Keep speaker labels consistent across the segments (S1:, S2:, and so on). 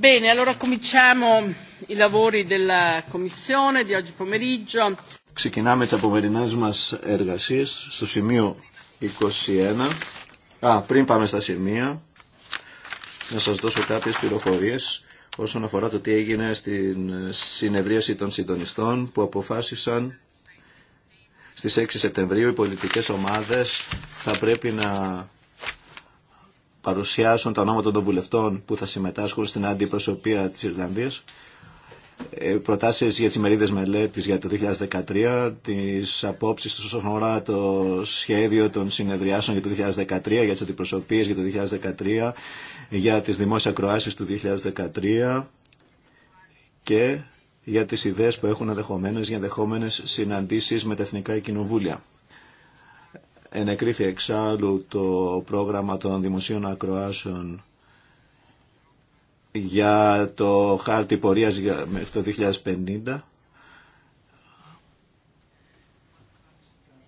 S1: Bene, allora cominciamo i lavori della Commissione di oggi pomeriggio.
S2: Ξεκινάμε τις απομερινές μας εργασίες στο σημείο 21. Α, πριν πάμε στα σημεία, να σας δώσω κάποιες πληροφορίες όσον αφορά το τι έγινε στην συνεδρίαση των συντονιστών που αποφάσισαν στις 6 Σεπτεμβρίου οι πολιτικές ομάδες θα πρέπει να παρουσιάσουν τα ονόματα των βουλευτών που θα συμμετάσχουν στην αντιπροσωπεία της Ιρλανδίας ε, προτάσεις για τις μερίδες μελέτης για το 2013, τις απόψεις του όσον αφορά το σχέδιο των συνεδριάσεων για το 2013, για τις αντιπροσωπείες για το 2013, για τις δημόσια ακροάσεις του 2013 και για τις ιδέες που έχουν ενδεχομένε για ενδεχόμενε συναντήσεις με τα Εθνικά Κοινοβούλια. Ενεκρίθη εξάλλου το πρόγραμμα των δημοσίων ακροάσεων για το χάρτη πορείας μέχρι το 2050.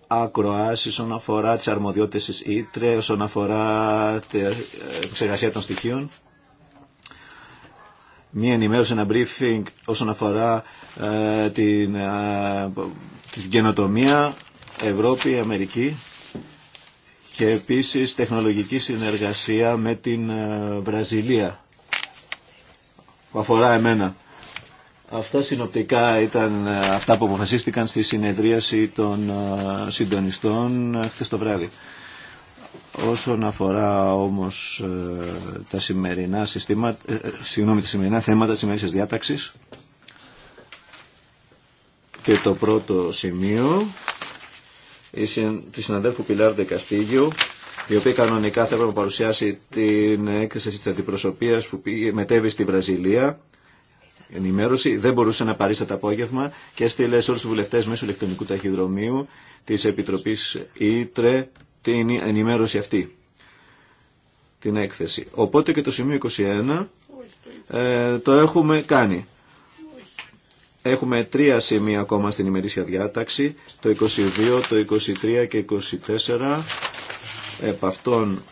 S2: Ακροάσει όσον αφορά τις αρμοδιότητες της ΙΤΡΕ, όσον αφορά την εξεργασία των στοιχείων. Μία ενημέρωση, ένα briefing όσον αφορά ε, την, ε, την καινοτομία Ευρώπη, Αμερική και επίσης τεχνολογική συνεργασία με την ε, Βραζιλία που αφορά εμένα. Αυτά συνοπτικά ήταν ε, αυτά που αποφασίστηκαν στη συνεδρίαση των ε, συντονιστών χθες το βράδυ. Όσον αφορά όμως τα σημερινά, συστήματα, συγγνώμη, τα σημερινά θέματα της σημερινής διάταξης και το πρώτο σημείο τη συναδέλφου Πιλάρ Δεκαστήγιου, η οποία κανονικά θα έπρεπε να παρουσιάσει την έκθεση τη αντιπροσωπεία που μετέβη στη Βραζιλία. Ενημέρωση. Δεν μπορούσε να παρίσταται το απόγευμα και έστειλε σε όλου του βουλευτέ μέσω ηλεκτρονικού ταχυδρομείου τη Επιτροπή Ήτρε την ενημέρωση αυτή. Την έκθεση. Οπότε και το σημείο 21 ε, το έχουμε κάνει. Έχουμε τρία σημεία ακόμα στην ημερήσια διάταξη, το 22, το 23 και 24. Επ' αυτών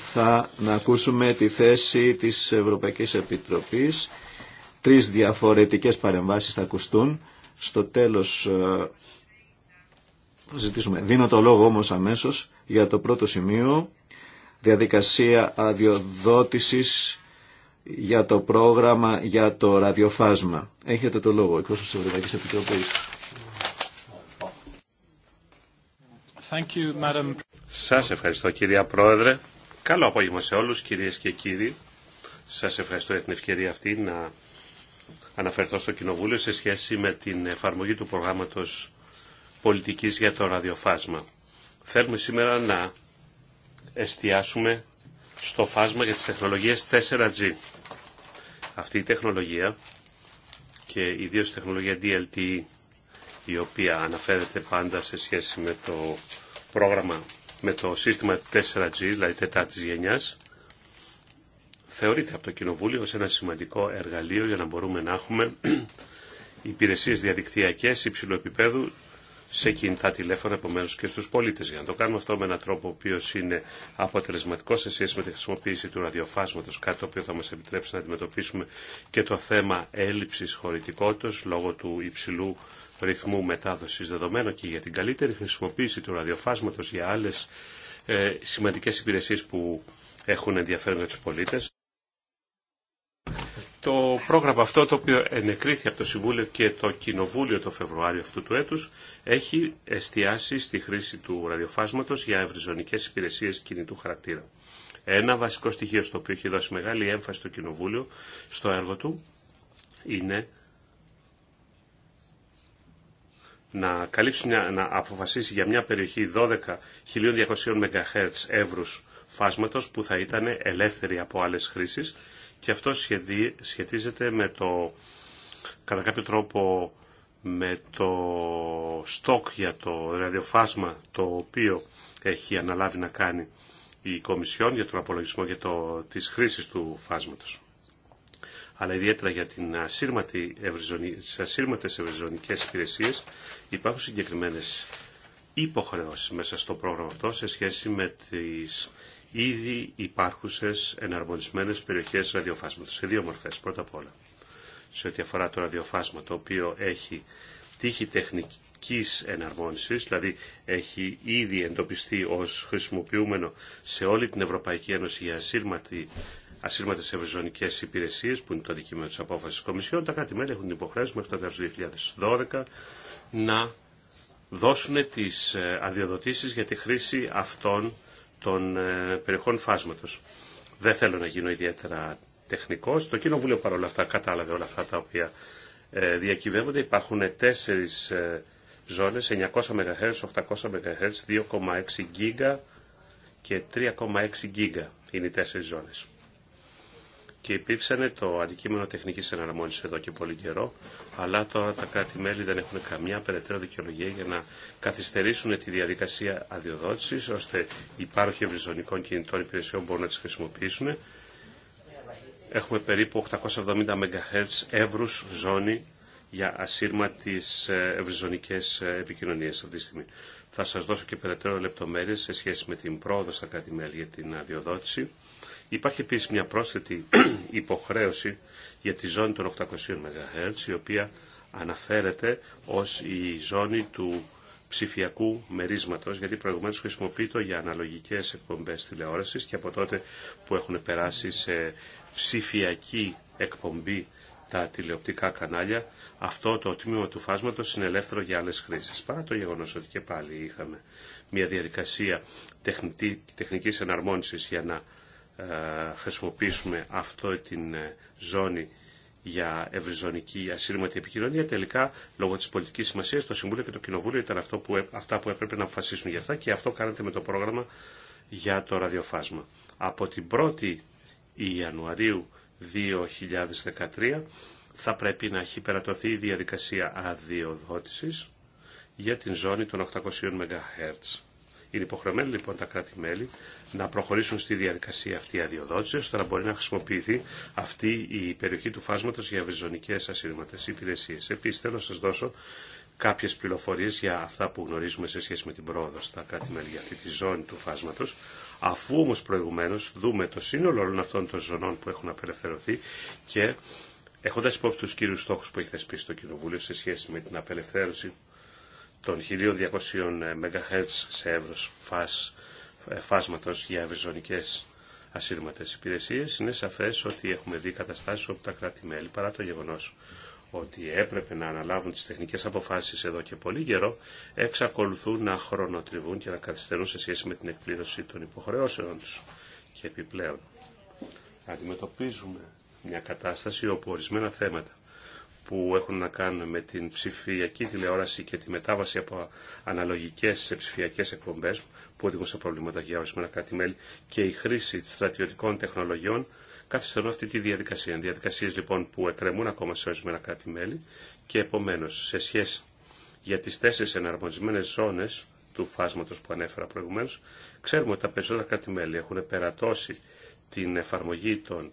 S2: θα να ακούσουμε τη θέση της Ευρωπαϊκής Επιτροπής. Τρεις διαφορετικές παρεμβάσεις θα ακουστούν. Στο τέλος ε, θα ζητήσουμε. Δίνω το λόγο όμως αμέσως για το πρώτο σημείο. Διαδικασία αδειοδότησης για το πρόγραμμα για το ραδιοφάσμα. Έχετε το λόγο, εκτός της Ευρωπαϊκής Επιτροπής. Thank
S3: Σας ευχαριστώ κυρία Πρόεδρε. Καλό απόγευμα σε όλους κυρίες και κύριοι. Σας ευχαριστώ για την ευκαιρία αυτή να αναφερθώ στο Κοινοβούλιο σε σχέση με την εφαρμογή του προγράμματος πολιτικής για το ραδιοφάσμα. Θέλουμε σήμερα να εστιάσουμε στο φάσμα για τις τεχνολογίες 4G. Αυτή η τεχνολογία και ιδίως η τεχνολογία DLT η οποία αναφέρεται πάντα σε σχέση με το πρόγραμμα με το σύστημα 4G, δηλαδή τετάρτης γενιάς, θεωρείται από το Κοινοβούλιο ως ένα σημαντικό εργαλείο για να μπορούμε να έχουμε υπηρεσίες διαδικτυακές υψηλού επίπεδου σε κινητά τηλέφωνα, επομένω και στου πολίτε. Για να το κάνουμε αυτό με έναν τρόπο ο οποίο είναι αποτελεσματικό σε σχέση με τη χρησιμοποίηση του ραδιοφάσματο, κάτι το οποίο θα μα επιτρέψει να αντιμετωπίσουμε και το θέμα έλλειψη χωρητικότητα λόγω του υψηλού ρυθμού μετάδοση δεδομένων και για την καλύτερη χρησιμοποίηση του ραδιοφάσματο για άλλε ε, σημαντικές υπηρεσίες που έχουν ενδιαφέρον για του πολίτε. Το πρόγραμμα αυτό το οποίο ενεκρίθη από το Συμβούλιο και το Κοινοβούλιο το Φεβρουάριο αυτού του έτους έχει εστιάσει στη χρήση του ραδιοφάσματος για ευρυζωνικές υπηρεσίες κινητού χαρακτήρα. Ένα βασικό στοιχείο στο οποίο έχει δώσει μεγάλη έμφαση το Κοινοβούλιο στο έργο του είναι να καλύψει να αποφασίσει για μια περιοχή 12.200 MHz εύρους φάσματος που θα ήταν ελεύθερη από άλλες χρήσεις και αυτό σχετίζεται με το, κατά κάποιο τρόπο, με το στόκ για το ραδιοφάσμα το οποίο έχει αναλάβει να κάνει η Κομισιόν για τον απολογισμό για το, της χρήσης του φάσματος. Αλλά ιδιαίτερα για την ασύρματη τις ασύρματες ευρυζωνικές υπηρεσίες υπάρχουν συγκεκριμένες υποχρεώσεις μέσα στο πρόγραμμα αυτό σε σχέση με τις ήδη υπάρχουσες εναρμονισμένες περιοχές ραδιοφάσματος, σε δύο μορφές πρώτα απ' όλα. Σε ό,τι αφορά το ραδιοφάσμα το οποίο έχει τύχη τεχνικής εναρμόνισης, δηλαδή έχει ήδη εντοπιστεί ως χρησιμοποιούμενο σε όλη την Ευρωπαϊκή Ένωση για ασύρματη ασύρματε ευρωζωνικέ υπηρεσίε, που είναι το αντικείμενο τη απόφαση τη Κομισιόν, τα κράτη-μέλη έχουν την υποχρέωση μέχρι το τέλο του 2012 να δώσουν τι ε, αδειοδοτήσει για τη χρήση αυτών των ε, περιοχών φάσματος. Δεν θέλω να γίνω ιδιαίτερα τεχνικός. Το Κοινοβούλιο παρόλα αυτά κατάλαβε όλα αυτά τα οποία ε, διακυβεύονται. Υπάρχουν τέσσερις ε, ζώνες, 900 MHz, 800 MHz, 2,6 GHz και 3,6 GHz είναι οι τέσσερις ζώνες και υπήρξαν το αντικείμενο τεχνικής εναρμόνισης εδώ και πολύ καιρό, αλλά τώρα τα κράτη-μέλη δεν έχουν καμιά περαιτέρω δικαιολογία για να καθυστερήσουν τη διαδικασία αδειοδότησης, ώστε οι πάροχοι ευρυζωνικών κινητών υπηρεσιών μπορούν να τις χρησιμοποιήσουν. Έχουμε περίπου 870 MHz εύρους ζώνη για ασύρματες ε, ευρυζωνικές ε, επικοινωνίες αυτή τη στιγμή. Θα σας δώσω και περαιτέρω λεπτομέρειες σε σχέση με την πρόοδο στα κράτη-μέλη για την αδειοδότηση Υπάρχει επίσης μια πρόσθετη υποχρέωση για τη ζώνη των 800 MHz, η οποία αναφέρεται ως η ζώνη του ψηφιακού μερίσματος, γιατί προηγουμένως χρησιμοποιείται για αναλογικές εκπομπές τηλεόρασης και από τότε που έχουν περάσει σε ψηφιακή εκπομπή τα τηλεοπτικά κανάλια, αυτό το τμήμα του φάσματος είναι ελεύθερο για άλλες χρήσεις. Παρά το γεγονός ότι και πάλι είχαμε μια διαδικασία τεχνητή, τεχνικής εναρμόνισης για να ε, χρησιμοποιήσουμε αυτό την ε, ζώνη για ευρυζωνική ασύρματη επικοινωνία. Τελικά, λόγω τη πολιτική σημασία, το Συμβούλιο και το Κοινοβούλιο ήταν αυτό που, αυτά που έπρεπε να αποφασίσουν για αυτά και αυτό κάνετε με το πρόγραμμα για το ραδιοφάσμα. Από την 1η Ιανουαρίου 2013 θα πρέπει να έχει περατωθεί η διαδικασία αδειοδότησης για την ζώνη των 800 MHz. Είναι υποχρεωμένα λοιπόν τα κράτη-μέλη να προχωρήσουν στη διαδικασία αυτή αδειοδότηση, ώστε να μπορεί να χρησιμοποιηθεί αυτή η περιοχή του φάσματο για βριζονικέ ασύρματε υπηρεσίε. Επίση, θέλω να σα δώσω κάποιε πληροφορίε για αυτά που γνωρίζουμε σε σχέση με την πρόοδο στα κράτη-μέλη για αυτή τη ζώνη του φάσματο. Αφού όμω προηγουμένω δούμε το σύνολο όλων αυτών των ζωνών που έχουν απελευθερωθεί και έχοντα υπόψη του κύριου στόχου που έχει θεσπίσει το Κοινοβούλιο σε σχέση με την απελευθέρωση των 1200 ε, MHz σε εύρος φάσ, ε, φάσματος για ευρυζωνικές ασύρματες υπηρεσίες, είναι σαφές ότι έχουμε δει καταστάσεις όπου τα κράτη-μέλη, παρά το γεγονός ότι έπρεπε να αναλάβουν τις τεχνικές αποφάσεις εδώ και πολύ καιρό, εξακολουθούν να χρονοτριβούν και να καθυστερούν σε σχέση με την εκπλήρωση των υποχρεώσεων τους. Και επιπλέον, αντιμετωπίζουμε μια κατάσταση όπου ορισμένα θέματα που έχουν να κάνουν με την ψηφιακή τηλεόραση και τη μετάβαση από αναλογικές σε ψηφιακές εκπομπές που οδηγούν σε προβλήματα για ορισμένα κράτη-μέλη και η χρήση στρατιωτικών τεχνολογιών καθιστούν αυτή τη διαδικασία. Διαδικασίες λοιπόν που εκκρεμούν ακόμα σε ορισμένα κράτη-μέλη και επομένως σε σχέση για τις τέσσερι εναρμονισμένες ζώνες του φάσματος που ανέφερα προηγουμένως, ξέρουμε ότι τα περισσότερα κράτη-μέλη έχουν περατώσει την εφαρμογή των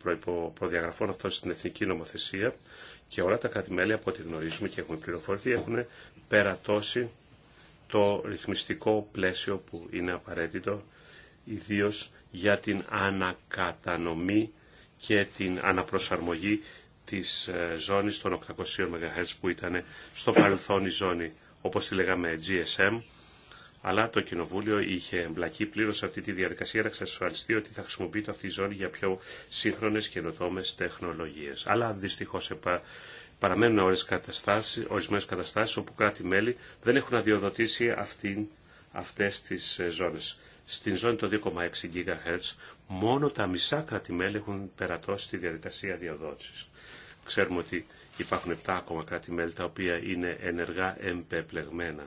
S3: προδιαγραφών αυτών στην εθνική νομοθεσία και όλα τα κρατημέλη, από ό,τι γνωρίζουμε και έχουμε πληροφορηθεί, έχουν περατώσει το ρυθμιστικό πλαίσιο που είναι απαραίτητο, ιδίως για την ανακατανομή και την αναπροσαρμογή της ε, ζώνης των 800 MHz που ήταν στο παρελθόν η ζώνη, όπως τη λέγαμε, GSM, αλλά το Κοινοβούλιο είχε εμπλακεί πλήρω σε αυτή τη διαδικασία να εξασφαλιστεί ότι θα χρησιμοποιείται αυτή η ζώνη για πιο σύγχρονε καινοτόμε τεχνολογίε. Αλλά δυστυχώ παραμένουν ορισμένε καταστάσει όπου κράτη-μέλη δεν έχουν αδειοδοτήσει αυτέ τι ε, ζώνε. Στην ζώνη των 2,6 GHz μόνο τα μισά κράτη-μέλη έχουν περατώσει τη διαδικασία αδειοδότηση. Ξέρουμε ότι υπάρχουν 7 ακόμα κράτη-μέλη τα οποία είναι ενεργά εμπεπλεγμένα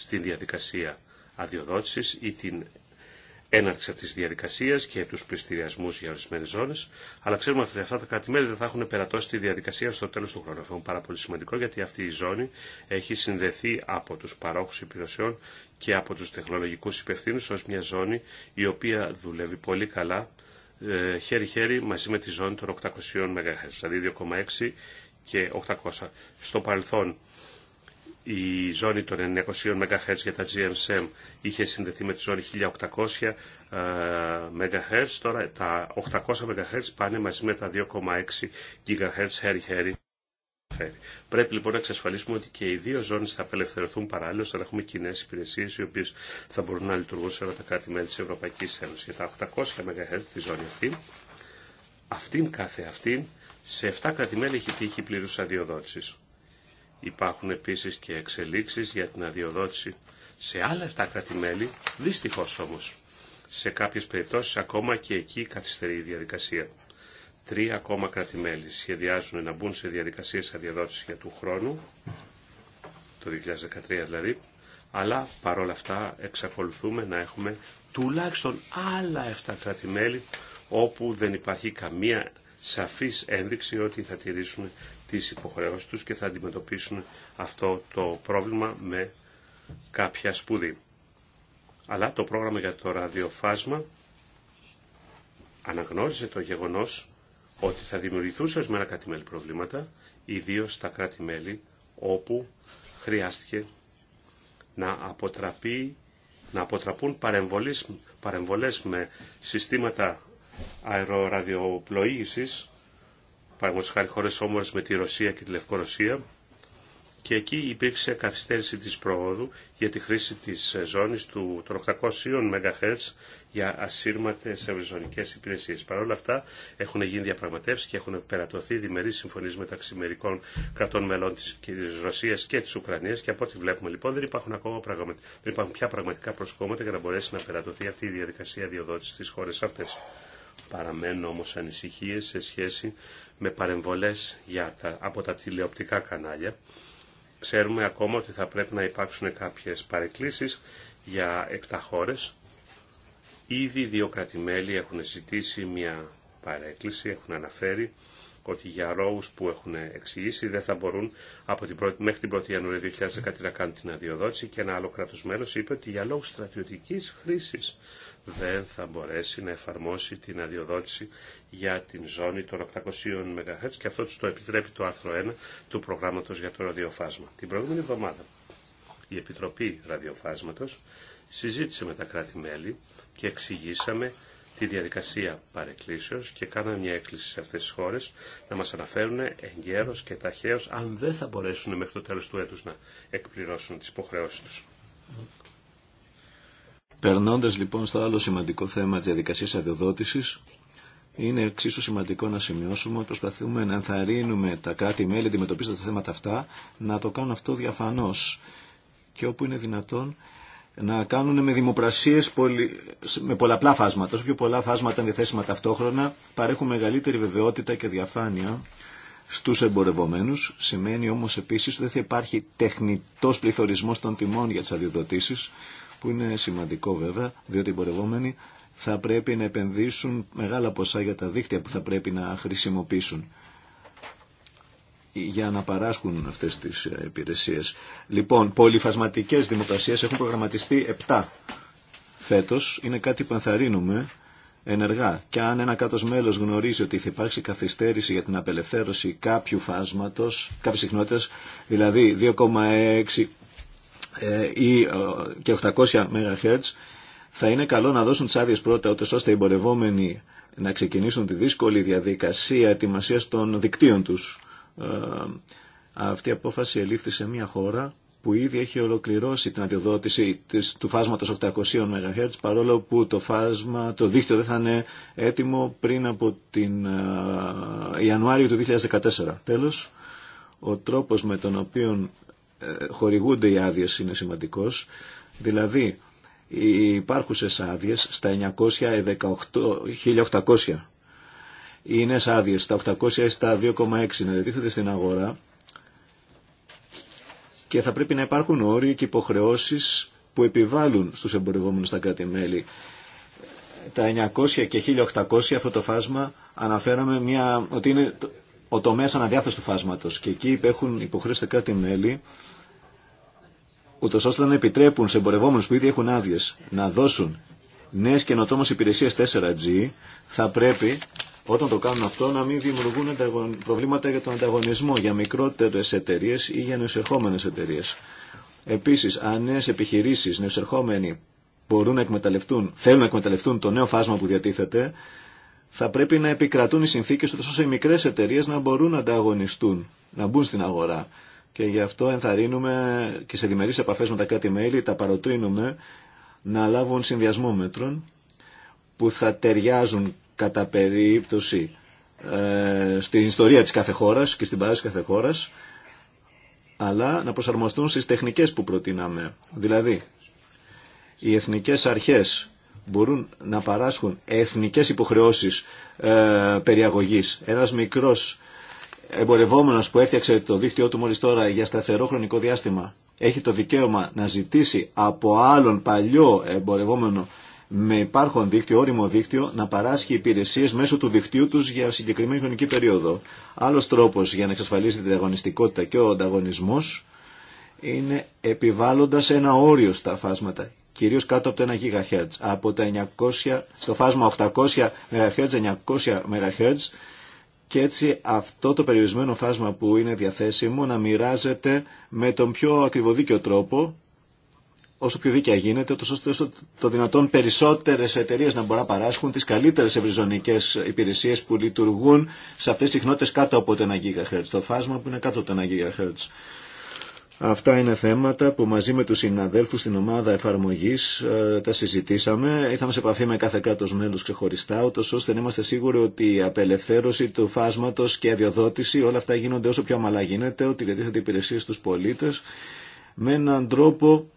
S3: στην διαδικασία αδειοδότησης ή την έναρξη αυτής της διαδικασίας και τους πληστηριασμούς για ορισμένε ζώνες, αλλά ξέρουμε ότι αυτά τα κρατη δεν θα έχουν περατώσει τη διαδικασία στο τέλος του χρόνου. Αυτό είναι πάρα πολύ σημαντικό γιατί αυτή η ζώνη έχει συνδεθεί από τους παρόχους υπηρεσιών και από τους τεχνολογικούς υπευθύνους ως μια ζώνη η οποία δουλεύει πολύ καλά ε, χέρι-χέρι μαζί με τη ζώνη των 800 MHz, δηλαδή 2,6 και 800. Στο παρελθόν η ζώνη των 900 MHz για τα GMSM είχε συνδεθεί με τη ζώνη 1800 ε, MHz, τώρα τα 800 MHz πάνε μαζί με τα 2,6 GHz χέρι-χέρι. Πρέπει λοιπόν να εξασφαλίσουμε ότι και οι δύο ζώνε θα απελευθερωθούν παράλληλα, ώστε να έχουμε κοινέ υπηρεσίε οι οποίε θα μπορούν να λειτουργούν σε όλα τα κράτη-μέλη τη Ευρωπαϊκή Ένωση. Για τα 800 MHz τη ζώνη αυτή, αυτήν κάθε αυτήν, σε 7 κράτη-μέλη έχει τύχει πλήρου αδειοδότηση. Υπάρχουν επίσης και εξελίξεις για την αδειοδότηση σε άλλα 7 κράτη-μέλη, δυστυχώς όμως. Σε κάποιες περιπτώσεις ακόμα και εκεί καθυστερεί η διαδικασία. Τρία ακόμα σχεδιάζουν να μπουν σε διαδικασίες αδειοδότησης για του χρόνου, το 2013 δηλαδή, αλλά παρόλα αυτά εξακολουθούμε να έχουμε τουλάχιστον άλλα 7 κρατη όπου δεν υπάρχει καμία σαφής ένδειξη ότι θα τηρήσουν τις υποχρεώσεις τους και θα αντιμετωπίσουν αυτό το πρόβλημα με κάποια σπουδή. Αλλά το πρόγραμμα για το ραδιοφάσμα αναγνώρισε το γεγονός ότι θα δημιουργηθούν ορισμένα κράτη-μέλη προβλήματα, ιδίως στα κράτη-μέλη όπου χρειάστηκε να, αποτραπεί, να αποτραπούν παρεμβολές με συστήματα αεροραδιοπλοήγησης παραγωγή χάρη χώρες όμω με τη Ρωσία και τη Λευκορωσία και εκεί υπήρξε καθυστέρηση τη προόδου για τη χρήση τη ζώνη του, των 800 MHz για ασύρματες ευρυζωνικέ υπηρεσίε. Παρ' όλα αυτά έχουν γίνει διαπραγματεύσει και έχουν περατωθεί διμερεί συμφωνίε μεταξύ μερικών κρατών μελών τη Ρωσία και τη Ουκρανίας και από ό,τι βλέπουμε λοιπόν δεν υπάρχουν, ακόμα πραγμα... δεν υπάρχουν πια πραγματικά προσκόμματα για να μπορέσει να περατωθεί αυτή η διαδικασία διοδότηση στι χώρε αυτέ. Παραμένουν όμω ανησυχίε σε σχέση με παρεμβολές για τα, από τα τηλεοπτικά κανάλια. Ξέρουμε ακόμα ότι θα πρέπει να υπάρξουν κάποιες παρεκκλήσεις για 7 χώρες. Ήδη δύο κρατημέλη έχουν ζητήσει μια παρέκκληση, έχουν αναφέρει ότι για ρόους που έχουν εξηγήσει δεν θα μπορούν από την πρώτη, μέχρι την 1η Ιανουαρίου 2013 να κάνουν την αδειοδότηση και ένα άλλο κράτος μέλος είπε ότι για λόγους στρατιωτικής χρήσης δεν θα μπορέσει να εφαρμόσει την αδειοδότηση για την ζώνη των 800 MHz και αυτό τους το επιτρέπει το άρθρο 1 του προγράμματος για το ραδιοφάσμα. Την προηγούμενη εβδομάδα η Επιτροπή Ραδιοφάσματος συζήτησε με τα κράτη-μέλη και εξηγήσαμε τη διαδικασία παρεκκλήσεως και κάναμε μια έκκληση σε αυτές τις χώρες να μας αναφέρουν εγκαίρως και ταχαίως αν δεν θα μπορέσουν μέχρι το τέλος του έτους να εκπληρώσουν τις υποχρεώσεις τους.
S2: Περνώντα λοιπόν στο άλλο σημαντικό θέμα τη διαδικασία αδειοδότηση, είναι εξίσου σημαντικό να σημειώσουμε ότι προσπαθούμε να ενθαρρύνουμε τα κράτη-μέλη αντιμετωπίζοντα τα θέματα αυτά να το κάνουν αυτό διαφανώ και όπου είναι δυνατόν να κάνουν με δημοπρασίες πολυ... με πολλαπλά φάσματα. Όσο πιο πολλά φάσματα είναι διαθέσιμα ταυτόχρονα, παρέχουν μεγαλύτερη βεβαιότητα και διαφάνεια στου εμπορευομένου. Σημαίνει όμω επίση ότι δεν θα υπάρχει τεχνητό πληθωρισμό των τιμών για τι αδειοδοτήσει που είναι σημαντικό βέβαια, διότι οι πορευόμενοι θα πρέπει να επενδύσουν μεγάλα ποσά για τα δίκτυα που θα πρέπει να χρησιμοποιήσουν για να παράσχουν αυτές τις ε, υπηρεσίες. Λοιπόν, πολυφασματικές δημοκρασίες έχουν προγραμματιστεί 7 φέτος. Είναι κάτι που ενθαρρύνουμε ενεργά. Και αν ένα κάτω μέλος γνωρίζει ότι θα υπάρξει καθυστέρηση για την απελευθέρωση κάποιου φάσματος, κάποιες συχνότητες, δηλαδή 2,6 ε, ή, ε, και 800 MHz θα είναι καλό να δώσουν τι άδειε πρώτα, ώστε οι εμπορευόμενοι να ξεκινήσουν τη δύσκολη διαδικασία ετοιμασία των δικτύων τους. Ε, αυτή η απόφαση ελήφθη σε μια χώρα που ήδη έχει ολοκληρώσει την αντιδότηση του φάσματος 800 MHz παρόλο που το φάσμα, το δίκτυο δεν θα είναι έτοιμο πριν από την Ιανουάριο του 2014. Τέλος, ο τρόπος με τον οποίο χορηγούνται οι άδειε είναι σημαντικό, Δηλαδή, οι υπάρχουσες άδειε στα 900, 1800 είναι άδειε, στα 800 ή στα 2,6 να διατίθεται στην αγορά και θα πρέπει να υπάρχουν όροι και υποχρεώσεις που επιβάλλουν στους εμπορευόμενου στα κράτη-μέλη. Τα 900 και 1800 αυτό το φάσμα αναφέραμε μια, ότι είναι ο τομέα αναδιάθεση του φάσματος και εκεί υπέχουν υποχρέωση στα κράτη-μέλη ούτω ώστε να επιτρέπουν σε εμπορευόμενου που ήδη έχουν άδειε να δώσουν νέε καινοτόμε υπηρεσίε 4G, θα πρέπει όταν το κάνουν αυτό να μην δημιουργούν προβλήματα για τον ανταγωνισμό για μικρότερε εταιρείε ή για νεοσερχόμενε εταιρείε. Επίση, αν νέε επιχειρήσει, νεοσερχόμενοι μπορούν να εκμεταλλευτούν, θέλουν να εκμεταλλευτούν το νέο φάσμα που διατίθεται, θα πρέπει να επικρατούν οι συνθήκε ώστε οι μικρέ εταιρείε να μπορούν να ανταγωνιστούν, να μπουν στην αγορά και γι' αυτό ενθαρρύνουμε και σε διμερείς επαφέ με τα κράτη-μέλη τα παροτρύνουμε να λάβουν συνδυασμό μέτρων που θα ταιριάζουν κατά περίπτωση ε, στην ιστορία της κάθε χώρας και στην παράση κάθε χώρας αλλά να προσαρμοστούν στις τεχνικές που προτείναμε. Δηλαδή, οι εθνικές αρχές μπορούν να παράσχουν εθνικές υποχρεώσεις ε, περιαγωγής. Ένας μικρός εμπορευόμενος που έφτιαξε το δίκτυό του μόλις τώρα για σταθερό χρονικό διάστημα έχει το δικαίωμα να ζητήσει από άλλον παλιό εμπορευόμενο με υπάρχον δίκτυο, όριμο δίκτυο, να παράσχει υπηρεσίε μέσω του δικτύου του για συγκεκριμένη χρονική περίοδο. Άλλο τρόπο για να εξασφαλίσετε την αγωνιστικότητα και ο ανταγωνισμό είναι επιβάλλοντα ένα όριο στα φάσματα, κυρίω κάτω από το 1 GHz. Από τα 900, στο φάσμα 800 MHz, 900 MHz και έτσι αυτό το περιορισμένο φάσμα που είναι διαθέσιμο να μοιράζεται με τον πιο ακριβοδίκιο τρόπο όσο πιο δίκαια γίνεται, τόσο το δυνατόν περισσότερε εταιρείε να μπορούν να παράσχουν τι καλύτερε ευρυζωνικέ υπηρεσίε που λειτουργούν σε αυτέ τι συχνότητε κάτω από το 1 GHz. Το φάσμα που είναι κάτω από το 1 GHz. Αυτά είναι θέματα που μαζί με τους συναδέλφους στην ομάδα εφαρμογής ε, τα συζητήσαμε. Ήρθαμε σε επαφή με κάθε κράτος μέλος ξεχωριστά, ούτως ώστε να είμαστε σίγουροι ότι η απελευθέρωση του φάσματος και η αδειοδότηση, όλα αυτά γίνονται όσο πιο αμαλά γίνεται, ότι διατίθεται υπηρεσίες στους πολίτες με έναν τρόπο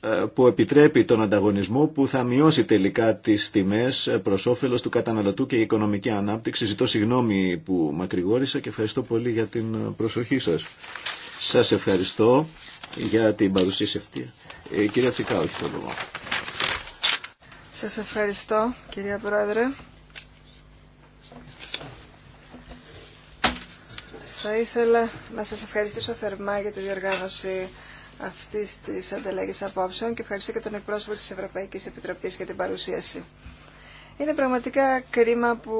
S2: ε, που επιτρέπει τον ανταγωνισμό που θα μειώσει τελικά τις τιμές ε, προς όφελος του καταναλωτού και η οικονομική ανάπτυξη. Ζητώ συγγνώμη που μακρηγόρησα και ευχαριστώ πολύ για την προσοχή σας. Σας ευχαριστώ για την παρουσίαση αυτή. Ε, κυρία Τσικάου έχει το λόγο.
S1: Σας ευχαριστώ κυρία Πρόεδρε. Θα ήθελα να σας ευχαριστήσω θερμά για τη διοργάνωση αυτής της ανταλλαγής απόψεων και ευχαριστώ και τον εκπρόσωπο της Ευρωπαϊκής Επιτροπής για την παρουσίαση. Είναι πραγματικά κρίμα που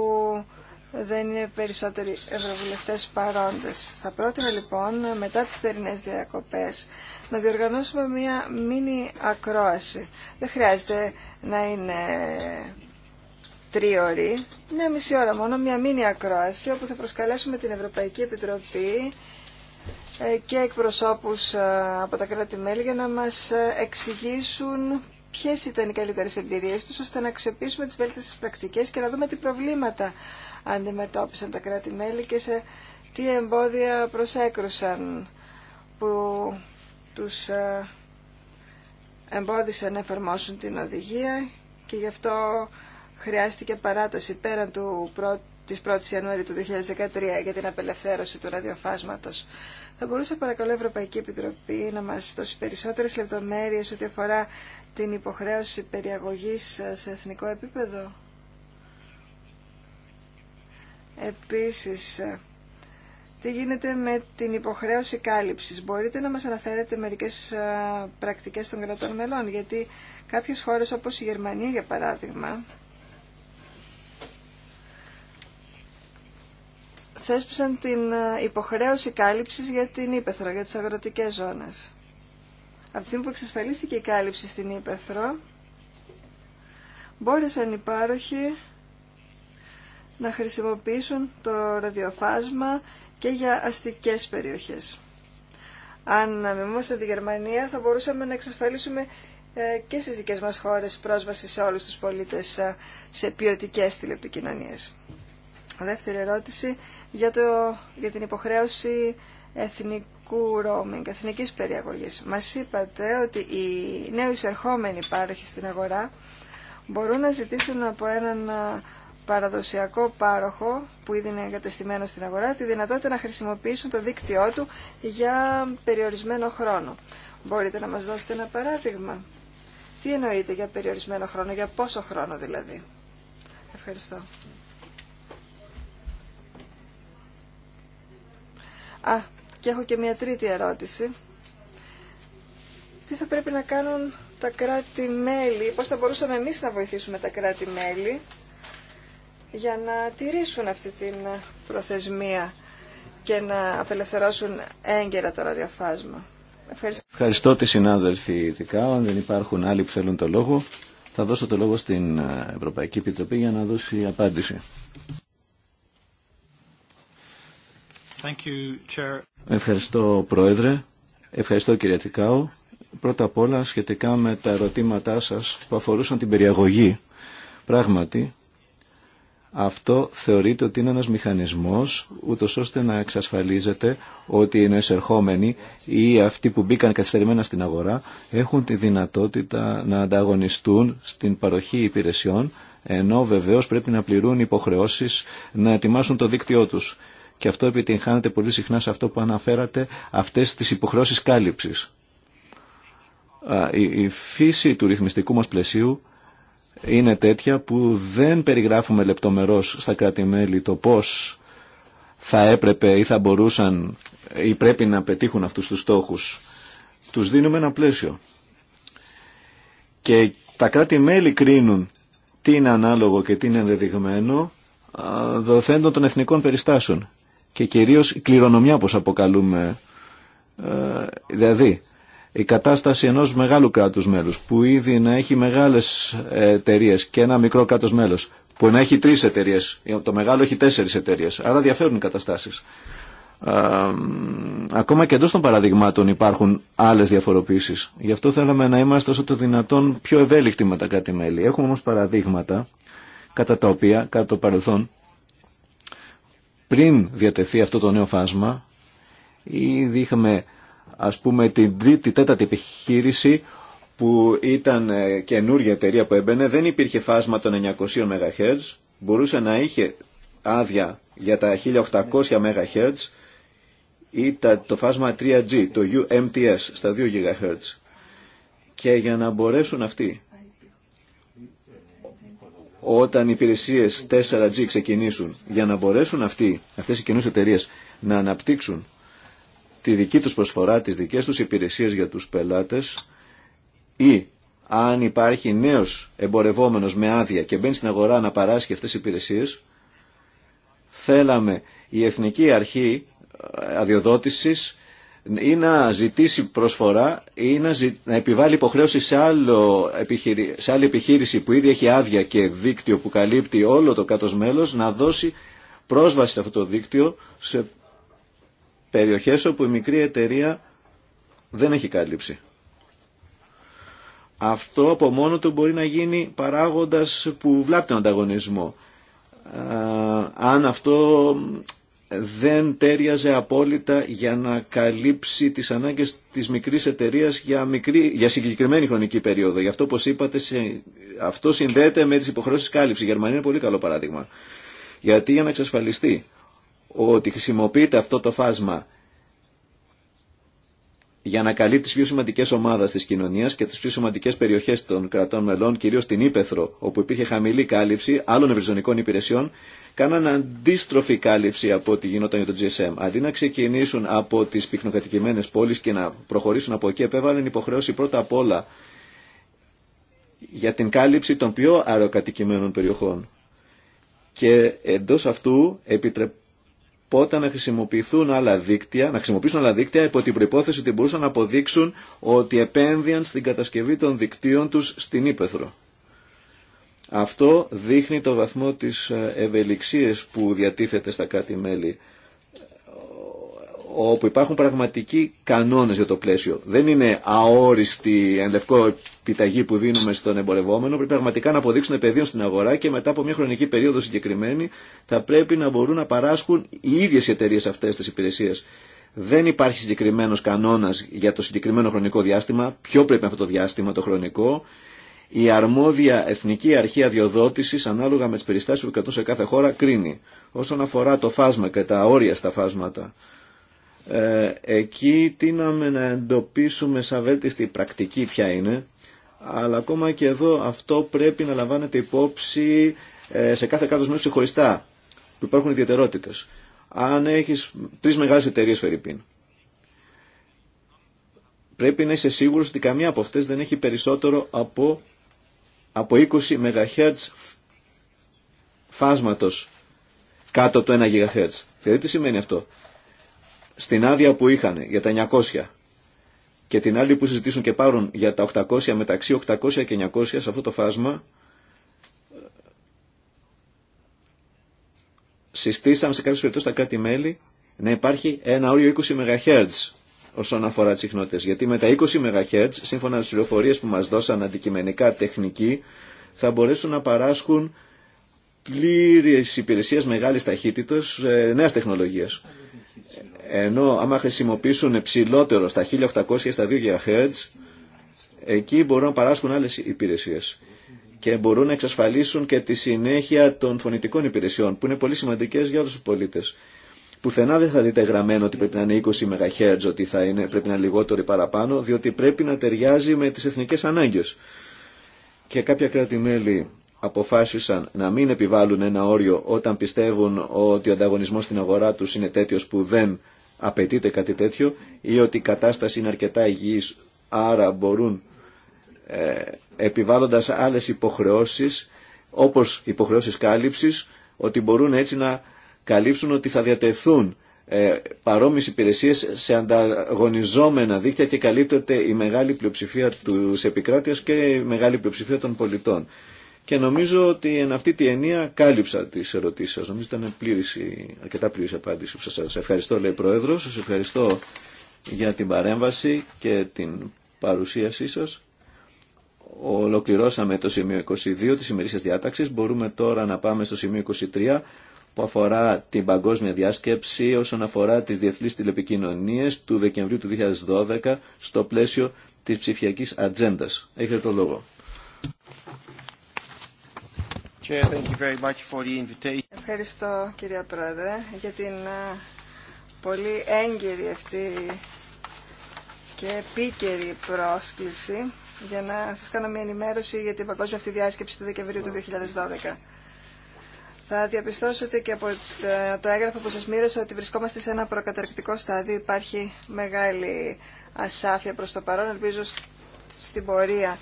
S1: δεν είναι περισσότεροι ευρωβουλευτές παρόντες. Θα πρότεινα λοιπόν μετά τις θερινές διακοπές να διοργανώσουμε μία μίνι ακρόαση. Δεν χρειάζεται να είναι τρίωρη, μία μισή ώρα μόνο, μία μίνι ακρόαση όπου θα προσκαλέσουμε την Ευρωπαϊκή Επιτροπή ε, και εκπροσώπους ε, από τα κράτη-μέλη για να μας ε, εξηγήσουν ποιε ήταν οι καλύτερε εμπειρίε του, ώστε να αξιοποιήσουμε τι βέλτιστες πρακτικέ και να δούμε τι προβλήματα αντιμετώπισαν τα κράτη-μέλη και σε τι εμπόδια προσέκρουσαν που τους ε, εμπόδισαν να εφαρμόσουν την οδηγία και γι' αυτό χρειάστηκε παράταση πέραν του της 1ης Ιανουαρίου του 2013 για την απελευθέρωση του ραδιοφάσματος. Θα μπορούσε παρακαλώ η Ευρωπαϊκή Επιτροπή να μας δώσει περισσότερες λεπτομέρειες ό,τι αφορά την υποχρέωση περιαγωγής ε, σε εθνικό επίπεδο. Επίσης, ε, τι γίνεται με την υποχρέωση κάλυψης. Μπορείτε να μας αναφέρετε μερικές ε, πρακτικές των κρατών μελών, γιατί κάποιες χώρες όπως η Γερμανία για παράδειγμα, θέσπισαν την ε, υποχρέωση κάλυψης για την Ήπεθρο, για τις αγροτικές ζώνες. Από τη στιγμή που εξασφαλίστηκε η κάλυψη στην Ήπεθρο, μπόρεσαν οι πάροχοι να χρησιμοποιήσουν το ραδιοφάσμα και για αστικές περιοχές. Αν μιμούμαστε τη Γερμανία θα μπορούσαμε να εξασφαλίσουμε ε, και στις δικές μας χώρες πρόσβαση σε όλους τους πολίτες ε, σε ποιοτικέ τηλεπικοινωνίες. Δεύτερη ερώτηση για, το, για την υποχρέωση εθνικού roaming, εθνικής περιαγωγής. Μας είπατε ότι οι νέοι εισερχόμενοι πάροχοι στην αγορά μπορούν να ζητήσουν από έναν παραδοσιακό πάροχο που ήδη είναι εγκατεστημένο στην αγορά τη δυνατότητα να χρησιμοποιήσουν το δίκτυό του για περιορισμένο χρόνο. Μπορείτε να μας δώσετε ένα παράδειγμα. Τι εννοείτε για περιορισμένο χρόνο, για πόσο χρόνο δηλαδή. Ευχαριστώ. Α, και έχω και μια τρίτη ερώτηση. Τι θα πρέπει να κάνουν τα κράτη-μέλη, πώς θα μπορούσαμε εμείς να βοηθήσουμε τα κράτη-μέλη για να τηρήσουν αυτή την προθεσμία και να απελευθερώσουν έγκαιρα το ραδιοφάσμα. Ευχαριστώ,
S2: Ευχαριστώ τη συνάδελφη Τικάου. Αν δεν υπάρχουν άλλοι που θέλουν το λόγο, θα δώσω το λόγο στην Ευρωπαϊκή Επιτροπή για να δώσει απάντηση. Ευχαριστώ, Πρόεδρε. Ευχαριστώ, κύριε Τικάου. Πρώτα απ' όλα, σχετικά με τα ερωτήματά σας που αφορούσαν την περιαγωγή. Πράγματι, αυτό θεωρείται ότι είναι ένας μηχανισμός ούτω ώστε να εξασφαλίζεται ότι οι ερχόμενοι ή αυτοί που μπήκαν καθυστερημένα στην αγορά έχουν τη δυνατότητα να ανταγωνιστούν στην παροχή υπηρεσιών ενώ βεβαίως πρέπει να πληρούν υποχρεώσεις να ετοιμάσουν το δίκτυό τους. Και αυτό επιτυγχάνεται πολύ συχνά σε αυτό που αναφέρατε, αυτές τις υποχρεώσεις κάλυψης. Η φύση του ρυθμιστικού μας πλαισίου είναι τέτοια που δεν περιγράφουμε λεπτομερώς στα κράτη-μέλη το πώς θα έπρεπε ή θα μπορούσαν ή πρέπει να πετύχουν αυτούς τους στόχους. Τους δίνουμε ένα πλαίσιο. Και τα κράτη-μέλη κρίνουν τι είναι ανάλογο και τι είναι ενδεδειγμένο δοθέντων των εθνικών περιστάσεων. Και κυρίως κληρονομιά, όπως αποκαλούμε. Ε, δηλαδή, η κατάσταση ενός μεγάλου κράτους μέλους που ήδη να έχει μεγάλες εταιρείε και ένα μικρό κράτος μέλος που να έχει τρεις εταιρείε, το μεγάλο έχει τέσσερις εταιρείε. άρα διαφέρουν οι καταστάσεις. ακόμα και εντό των παραδειγμάτων υπάρχουν άλλες διαφοροποίησεις. Γι' αυτό θέλαμε να είμαστε όσο το δυνατόν πιο ευέλικτοι με τα κράτη-μέλη. Έχουμε όμως παραδείγματα κατά τα οποία, κατά το παρελθόν, πριν διατεθεί αυτό το νέο φάσμα, ήδη είχαμε ας πούμε την τρίτη, τέταρτη επιχείρηση που ήταν ε, καινούργια εταιρεία που έμπαινε, δεν υπήρχε φάσμα των 900 MHz, μπορούσε να είχε άδεια για τα 1800 MHz ή το φάσμα 3G, το UMTS, στα 2 GHz. Και για να μπορέσουν αυτοί, όταν οι υπηρεσίες 4G ξεκινήσουν, για να μπορέσουν αυτοί, αυτές οι καινούς εταιρείε να αναπτύξουν τη δική τους προσφορά, τις δικές τους υπηρεσίες για τους πελάτες ή αν υπάρχει νέος εμπορευόμενος με άδεια και μπαίνει στην αγορά να παράσχει αυτές τις υπηρεσίες, θέλαμε η Εθνική Αρχή ε, Αδειοδότησης ή να ζητήσει προσφορά ή να, ζη... επιβάλλει υποχρέωση σε, άλλο σε άλλη επιχείρηση που ήδη έχει άδεια και δίκτυο που καλύπτει όλο το κάτω μέλος να δώσει πρόσβαση σε αυτό το δίκτυο σε περιοχές όπου η μικρή εταιρεία δεν έχει κάλυψη. Αυτό από μόνο του μπορεί να γίνει παράγοντας που βλάπτει τον ανταγωνισμό. Ε, αν αυτό δεν τέριαζε απόλυτα για να καλύψει τις ανάγκες της μικρής εταιρείας για, μικρή, για συγκεκριμένη χρονική περίοδο. Γι' αυτό, όπως είπατε, αυτό συνδέεται με τις υποχρεώσεις κάλυψης. Η Γερμανία είναι πολύ καλό παράδειγμα. Γιατί για να εξασφαλιστεί ότι χρησιμοποιείται αυτό το φάσμα για να καλεί τις πιο σημαντικές ομάδες της κοινωνίας και τις πιο σημαντικές περιοχές των κρατών μελών, κυρίως την Ήπεθρο, όπου υπήρχε χαμηλή κάλυψη άλλων ευρυζωνικών υπηρεσιών, κάναν αντίστροφη κάλυψη από ό,τι γινόταν για το GSM. Αντί να ξεκινήσουν από τις πυκνοκατοικημένες πόλεις και να προχωρήσουν από εκεί, επέβαλαν υποχρέωση πρώτα απ' όλα για την κάλυψη των πιο αεροκατοικημένων περιοχών. Και εντός αυτού επιτρέπουν. Όταν να χρησιμοποιηθούν άλλα να χρησιμοποιήσουν άλλα δίκτυα υπό την προπόθεση ότι μπορούσαν να αποδείξουν ότι επένδυαν στην κατασκευή των δικτύων τους στην Ήπεθρο. Αυτό δείχνει το βαθμό της ε, ευελιξίας που διατίθεται στα κάτι μέλη όπου υπάρχουν πραγματικοί κανόνες για το πλαίσιο. Δεν είναι αόριστη εν λευκό επιταγή που δίνουμε στον εμπορευόμενο, πρέπει πραγματικά να αποδείξουν πεδίο στην αγορά και μετά από μια χρονική περίοδο συγκεκριμένη θα πρέπει να μπορούν να παράσχουν οι ίδιες οι εταιρείε αυτές τις υπηρεσίες. Δεν υπάρχει συγκεκριμένος κανόνας για το συγκεκριμένο χρονικό διάστημα, ποιο πρέπει αυτό το διάστημα το χρονικό, η αρμόδια Εθνική Αρχή Αδειοδότηση, ανάλογα με τι περιστάσει που κρατούν σε κάθε χώρα, κρίνει. Όσον αφορά το φάσμα και τα όρια στα φάσματα, ε, εκεί τίναμε να εντοπίσουμε σαν βέλτιστη πρακτική ποια είναι, αλλά ακόμα και εδώ αυτό πρέπει να λαμβάνεται υπόψη ε, σε κάθε κράτος μέλος ξεχωριστά, που υπάρχουν ιδιαιτερότητες. Αν έχεις τρεις μεγάλες εταιρείες Φερρυπίν, πρέπει να είσαι σίγουρος ότι καμία από αυτές δεν έχει περισσότερο από, από 20 MHz φάσματος κάτω από το 1 GHz. Δηλαδή τι σημαίνει αυτό στην άδεια που είχαν για τα 900 και την άλλη που συζητήσουν και πάρουν για τα 800 μεταξύ 800 και 900 σε αυτό το φάσμα συστήσαμε σε κάποιες περιπτώσεις τα κάτι μελη να υπάρχει ένα όριο 20 MHz όσον αφορά τις συχνότητες. Γιατί με τα 20 MHz, σύμφωνα με τις πληροφορίες που μας δώσαν αντικειμενικά τεχνικοί, θα μπορέσουν να παράσχουν πλήρες υπηρεσίες μεγάλης ταχύτητας ε, νέας τεχνολογίας. Ενώ άμα χρησιμοποιήσουν ψηλότερο στα 1800 ή στα 2 GHz, εκεί μπορούν να παράσχουν άλλες υπηρεσίες και μπορούν να εξασφαλίσουν και τη συνέχεια των φωνητικών υπηρεσιών που είναι πολύ σημαντικές για όλους τους πολίτες. Πουθενά δεν θα δείτε γραμμένο ότι πρέπει να είναι 20 MHz, ότι θα είναι, πρέπει να είναι λιγότερο ή παραπάνω, διότι πρέπει να ταιριάζει με τις εθνικές ανάγκες. Και κάποια κράτη-μέλη αποφάσισαν να μην επιβάλλουν ένα όριο όταν πιστεύουν ότι ο ανταγωνισμός στην αγορά τους είναι τέτοιος που δεν απαιτείται κάτι τέτοιο ή ότι η κατάσταση είναι αρκετά υγιής, άρα μπορούν ε, επιβάλλοντας άλλες υποχρεώσεις, όπως υποχρεώσεις κάλυψης, ότι μπορούν έτσι να καλύψουν ότι θα διατεθούν ε, παρόμοιες υπηρεσίες σε ανταγωνιζόμενα δίκτυα και καλύπτεται η μεγάλη πλειοψηφία του επικράτειας και η μεγάλη πλειοψηφία των πολιτών και νομίζω ότι εν αυτή τη ενία κάλυψα τι ερωτήσει σα, Νομίζω ήταν πλήρης, αρκετά πλήρη απάντηση που σα έδωσα. Ευχαριστώ λέει Πρόεδρο. σα ευχαριστώ για την παρέμβαση και την παρουσίασή σα. Ολοκληρώσαμε το σημείο 22 τη ημερήσια διάταξη. Μπορούμε τώρα να πάμε στο σημείο 23 που αφορά την παγκόσμια διάσκεψη όσον αφορά τις διεθνείς τηλεπικοινωνίες του Δεκεμβρίου του 2012 στο πλαίσιο της ψηφιακή ατζέντα. Έχετε το λόγο.
S1: Ευχαριστώ κυρία Πρόεδρε για την ε, πολύ έγκυρη αυτή και επίκαιρη πρόσκληση για να σας κάνω μια ενημέρωση για την παγκόσμια αυτή διάσκεψη του Δεκεμβρίου του 2012. Θα διαπιστώσετε και από ε, το έγγραφο που σας μοίρασα ότι βρισκόμαστε σε ένα προκαταρκτικό στάδιο. Υπάρχει μεγάλη ασάφεια προς το παρόν. Ελπίζω στην πορεία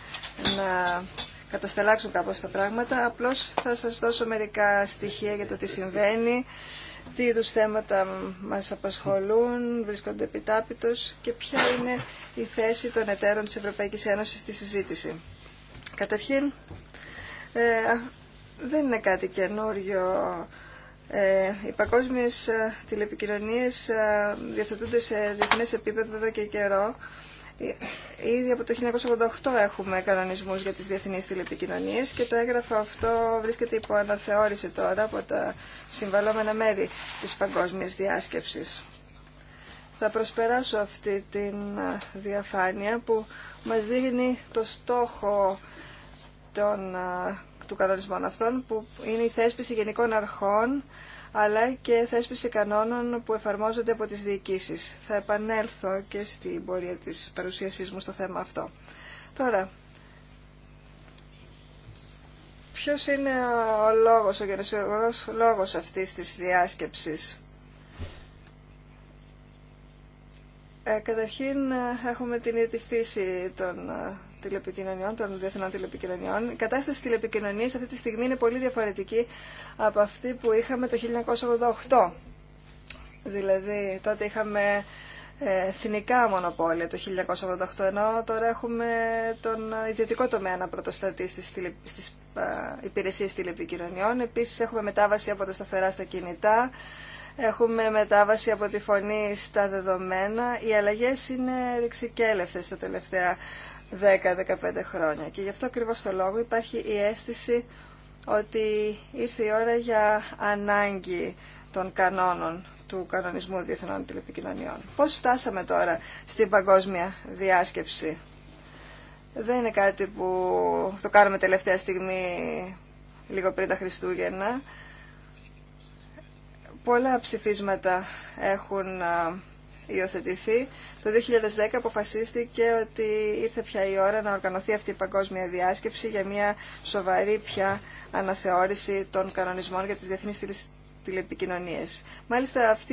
S1: να κατασταλάξουν κάπως τα πράγματα. Απλώς θα σας δώσω μερικά στοιχεία για το τι συμβαίνει, τι είδους θέματα μας απασχολούν, βρίσκονται επιτάπητος και ποια είναι η θέση των εταίρων της Ευρωπαϊκής Ένωσης στη συζήτηση. Καταρχήν, ε, δεν είναι κάτι καινούριο. Ε, οι παγκόσμιες ε, τηλεπικοινωνίες ε, διαθετούνται σε διεθνές επίπεδο εδώ και καιρό Ήδη από το 1988 έχουμε κανονισμούς για τις διεθνείς τηλεπικοινωνίες και το έγγραφο αυτό βρίσκεται υπό αναθεώρηση τώρα από τα συμβαλόμενα μέρη της παγκόσμιας διάσκεψης. Θα προσπεράσω αυτή την διαφάνεια που μας δίνει το στόχο των, του κανονισμών αυτών που είναι η θέσπιση γενικών αρχών αλλά και θέσπιση κανόνων που εφαρμόζονται από τις διοικήσεις. Θα επανέλθω και στην πορεία της παρουσίασής μου στο θέμα αυτό. Τώρα, ποιος είναι ο λόγος, ο γενεσιογρός λόγος αυτής της διάσκεψης. Ε, καταρχήν ε, έχουμε την ίδια φύση των ε, τηλεπικοινωνιών, των διεθνών τηλεπικοινωνιών. Η κατάσταση της τηλεπικοινωνίας αυτή τη στιγμή είναι πολύ διαφορετική από αυτή που είχαμε το 1988. Δηλαδή, τότε είχαμε ε, εθνικά μονοπόλια το 1988, ενώ τώρα έχουμε τον ε, ιδιωτικό τομέα να πρωτοστατεί στις, τηλε, στις ε, υπηρεσίες τηλεπικοινωνιών. Επίσης έχουμε μετάβαση από τα σταθερά στα κινητά, έχουμε μετάβαση από τη φωνή στα δεδομένα. Οι αλλαγές είναι ρηξικέλευτες τα τελευταία 10-15 χρόνια. Και γι' αυτό ακριβώς το λόγο υπάρχει η αίσθηση ότι ήρθε η ώρα για ανάγκη των κανόνων του κανονισμού διεθνών τηλεπικοινωνιών. Πώς φτάσαμε τώρα στην παγκόσμια διάσκεψη. Δεν είναι κάτι που το κάνουμε τελευταία στιγμή λίγο πριν τα Χριστούγεννα. Πολλά ψηφίσματα έχουν υιοθετηθεί το 2010 αποφασίστηκε ότι ήρθε πια η ώρα να οργανωθεί αυτή η παγκόσμια διάσκεψη για μια σοβαρή πια αναθεώρηση των κανονισμών για τις διεθνείς τηλεπικοινωνίες. Μάλιστα αυτή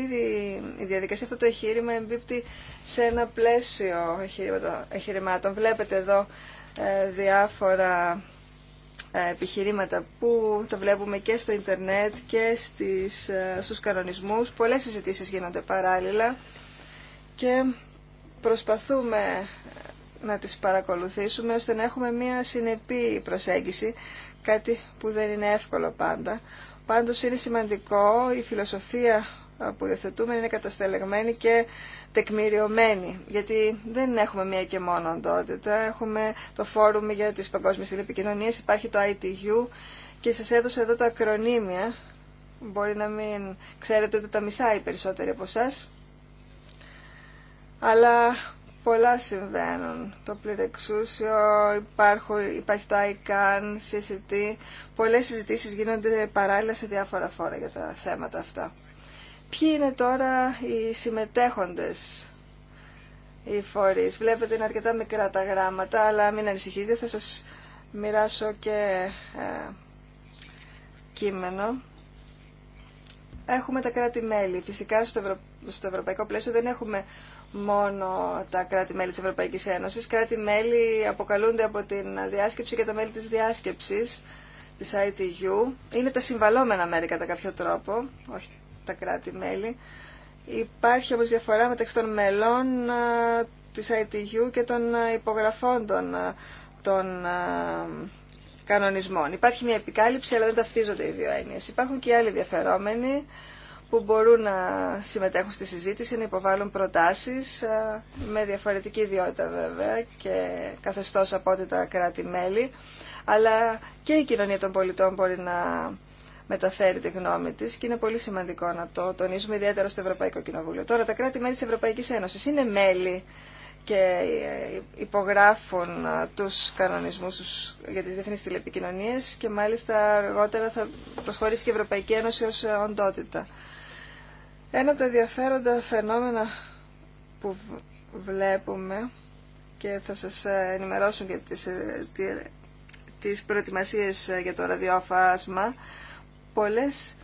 S1: η διαδικασία, αυτό το εγχείρημα εμπίπτει σε ένα πλαίσιο εγχειρημάτων. Βλέπετε εδώ ε, διάφορα ε, επιχειρήματα που τα βλέπουμε και στο ίντερνετ και στις, ε, στους κανονισμούς. Πολλές συζητήσεις γίνονται παράλληλα και προσπαθούμε ε, να τις παρακολουθήσουμε ώστε να έχουμε μια συνεπή προσέγγιση, κάτι που δεν είναι εύκολο πάντα. Πάντως είναι σημαντικό η φιλοσοφία ε, που υιοθετούμε είναι καταστελεγμένη και τεκμηριωμένη, γιατί δεν έχουμε μία και μόνο οντότητα. Έχουμε το Φόρουμ για τις Παγκόσμιες Τηλεπικοινωνίες, υπάρχει το ITU και σας έδωσα εδώ τα ακρονίμια. Μπορεί να μην ξέρετε ότι τα μισά περισσότεροι από εσάς αλλά πολλά συμβαίνουν. Το πληρεξούσιο, υπάρχουν, υπάρχει το ICAN, CCT, πολλές συζητήσεις γίνονται παράλληλα σε διάφορα φόρα για τα θέματα αυτά. Ποιοι είναι τώρα οι συμμετέχοντες οι φορείς. Βλέπετε είναι αρκετά μικρά τα γράμματα, αλλά μην ανησυχείτε, θα σας μοιράσω και ε, κείμενο. Έχουμε τα κράτη-μέλη. Φυσικά στο, στο ευρωπαϊκό πλαίσιο δεν έχουμε μόνο τα κράτη-μέλη της Ευρωπαϊκής Ένωσης. Κράτη-μέλη αποκαλούνται από την διάσκεψη και τα μέλη της διάσκεψης της ITU. Είναι τα συμβαλόμενα μέρη κατά κάποιο τρόπο, όχι τα κράτη-μέλη. Υπάρχει όμως διαφορά μεταξύ των μελών ε, της ITU και των ε, υπογραφών ε, των κανονισμών. Υπάρχει μια επικάλυψη, αλλά δεν ταυτίζονται οι δύο έννοιες. Υπάρχουν και άλλοι ενδιαφερόμενοι που μπορούν να συμμετέχουν στη συζήτηση, να υποβάλουν προτάσεις ε, με διαφορετική ιδιότητα βέβαια και καθεστώς από ό,τι τα κράτη-μέλη, αλλά και η κοινωνία των πολιτών μπορεί να μεταφέρει τη γνώμη της και είναι πολύ σημαντικό να το τονίζουμε ιδιαίτερα στο Ευρωπαϊκό Κοινοβούλιο. Τώρα τα κράτη-μέλη της Ευρωπαϊκής Ένωσης είναι μέλη και ε, υπογράφουν ε, τους κανονισμούς για τις διεθνείς τηλεπικοινωνίες και μάλιστα αργότερα θα προσχωρήσει και η Ευρωπαϊκή Ένωση ως οντότητα. Ένα από τα ενδιαφέροντα φαινόμενα που βλέπουμε και θα σας ε, ενημερώσουν για τις, ε, τις προετοιμασίες ε, για το ραδιόφάσμα, πολλές,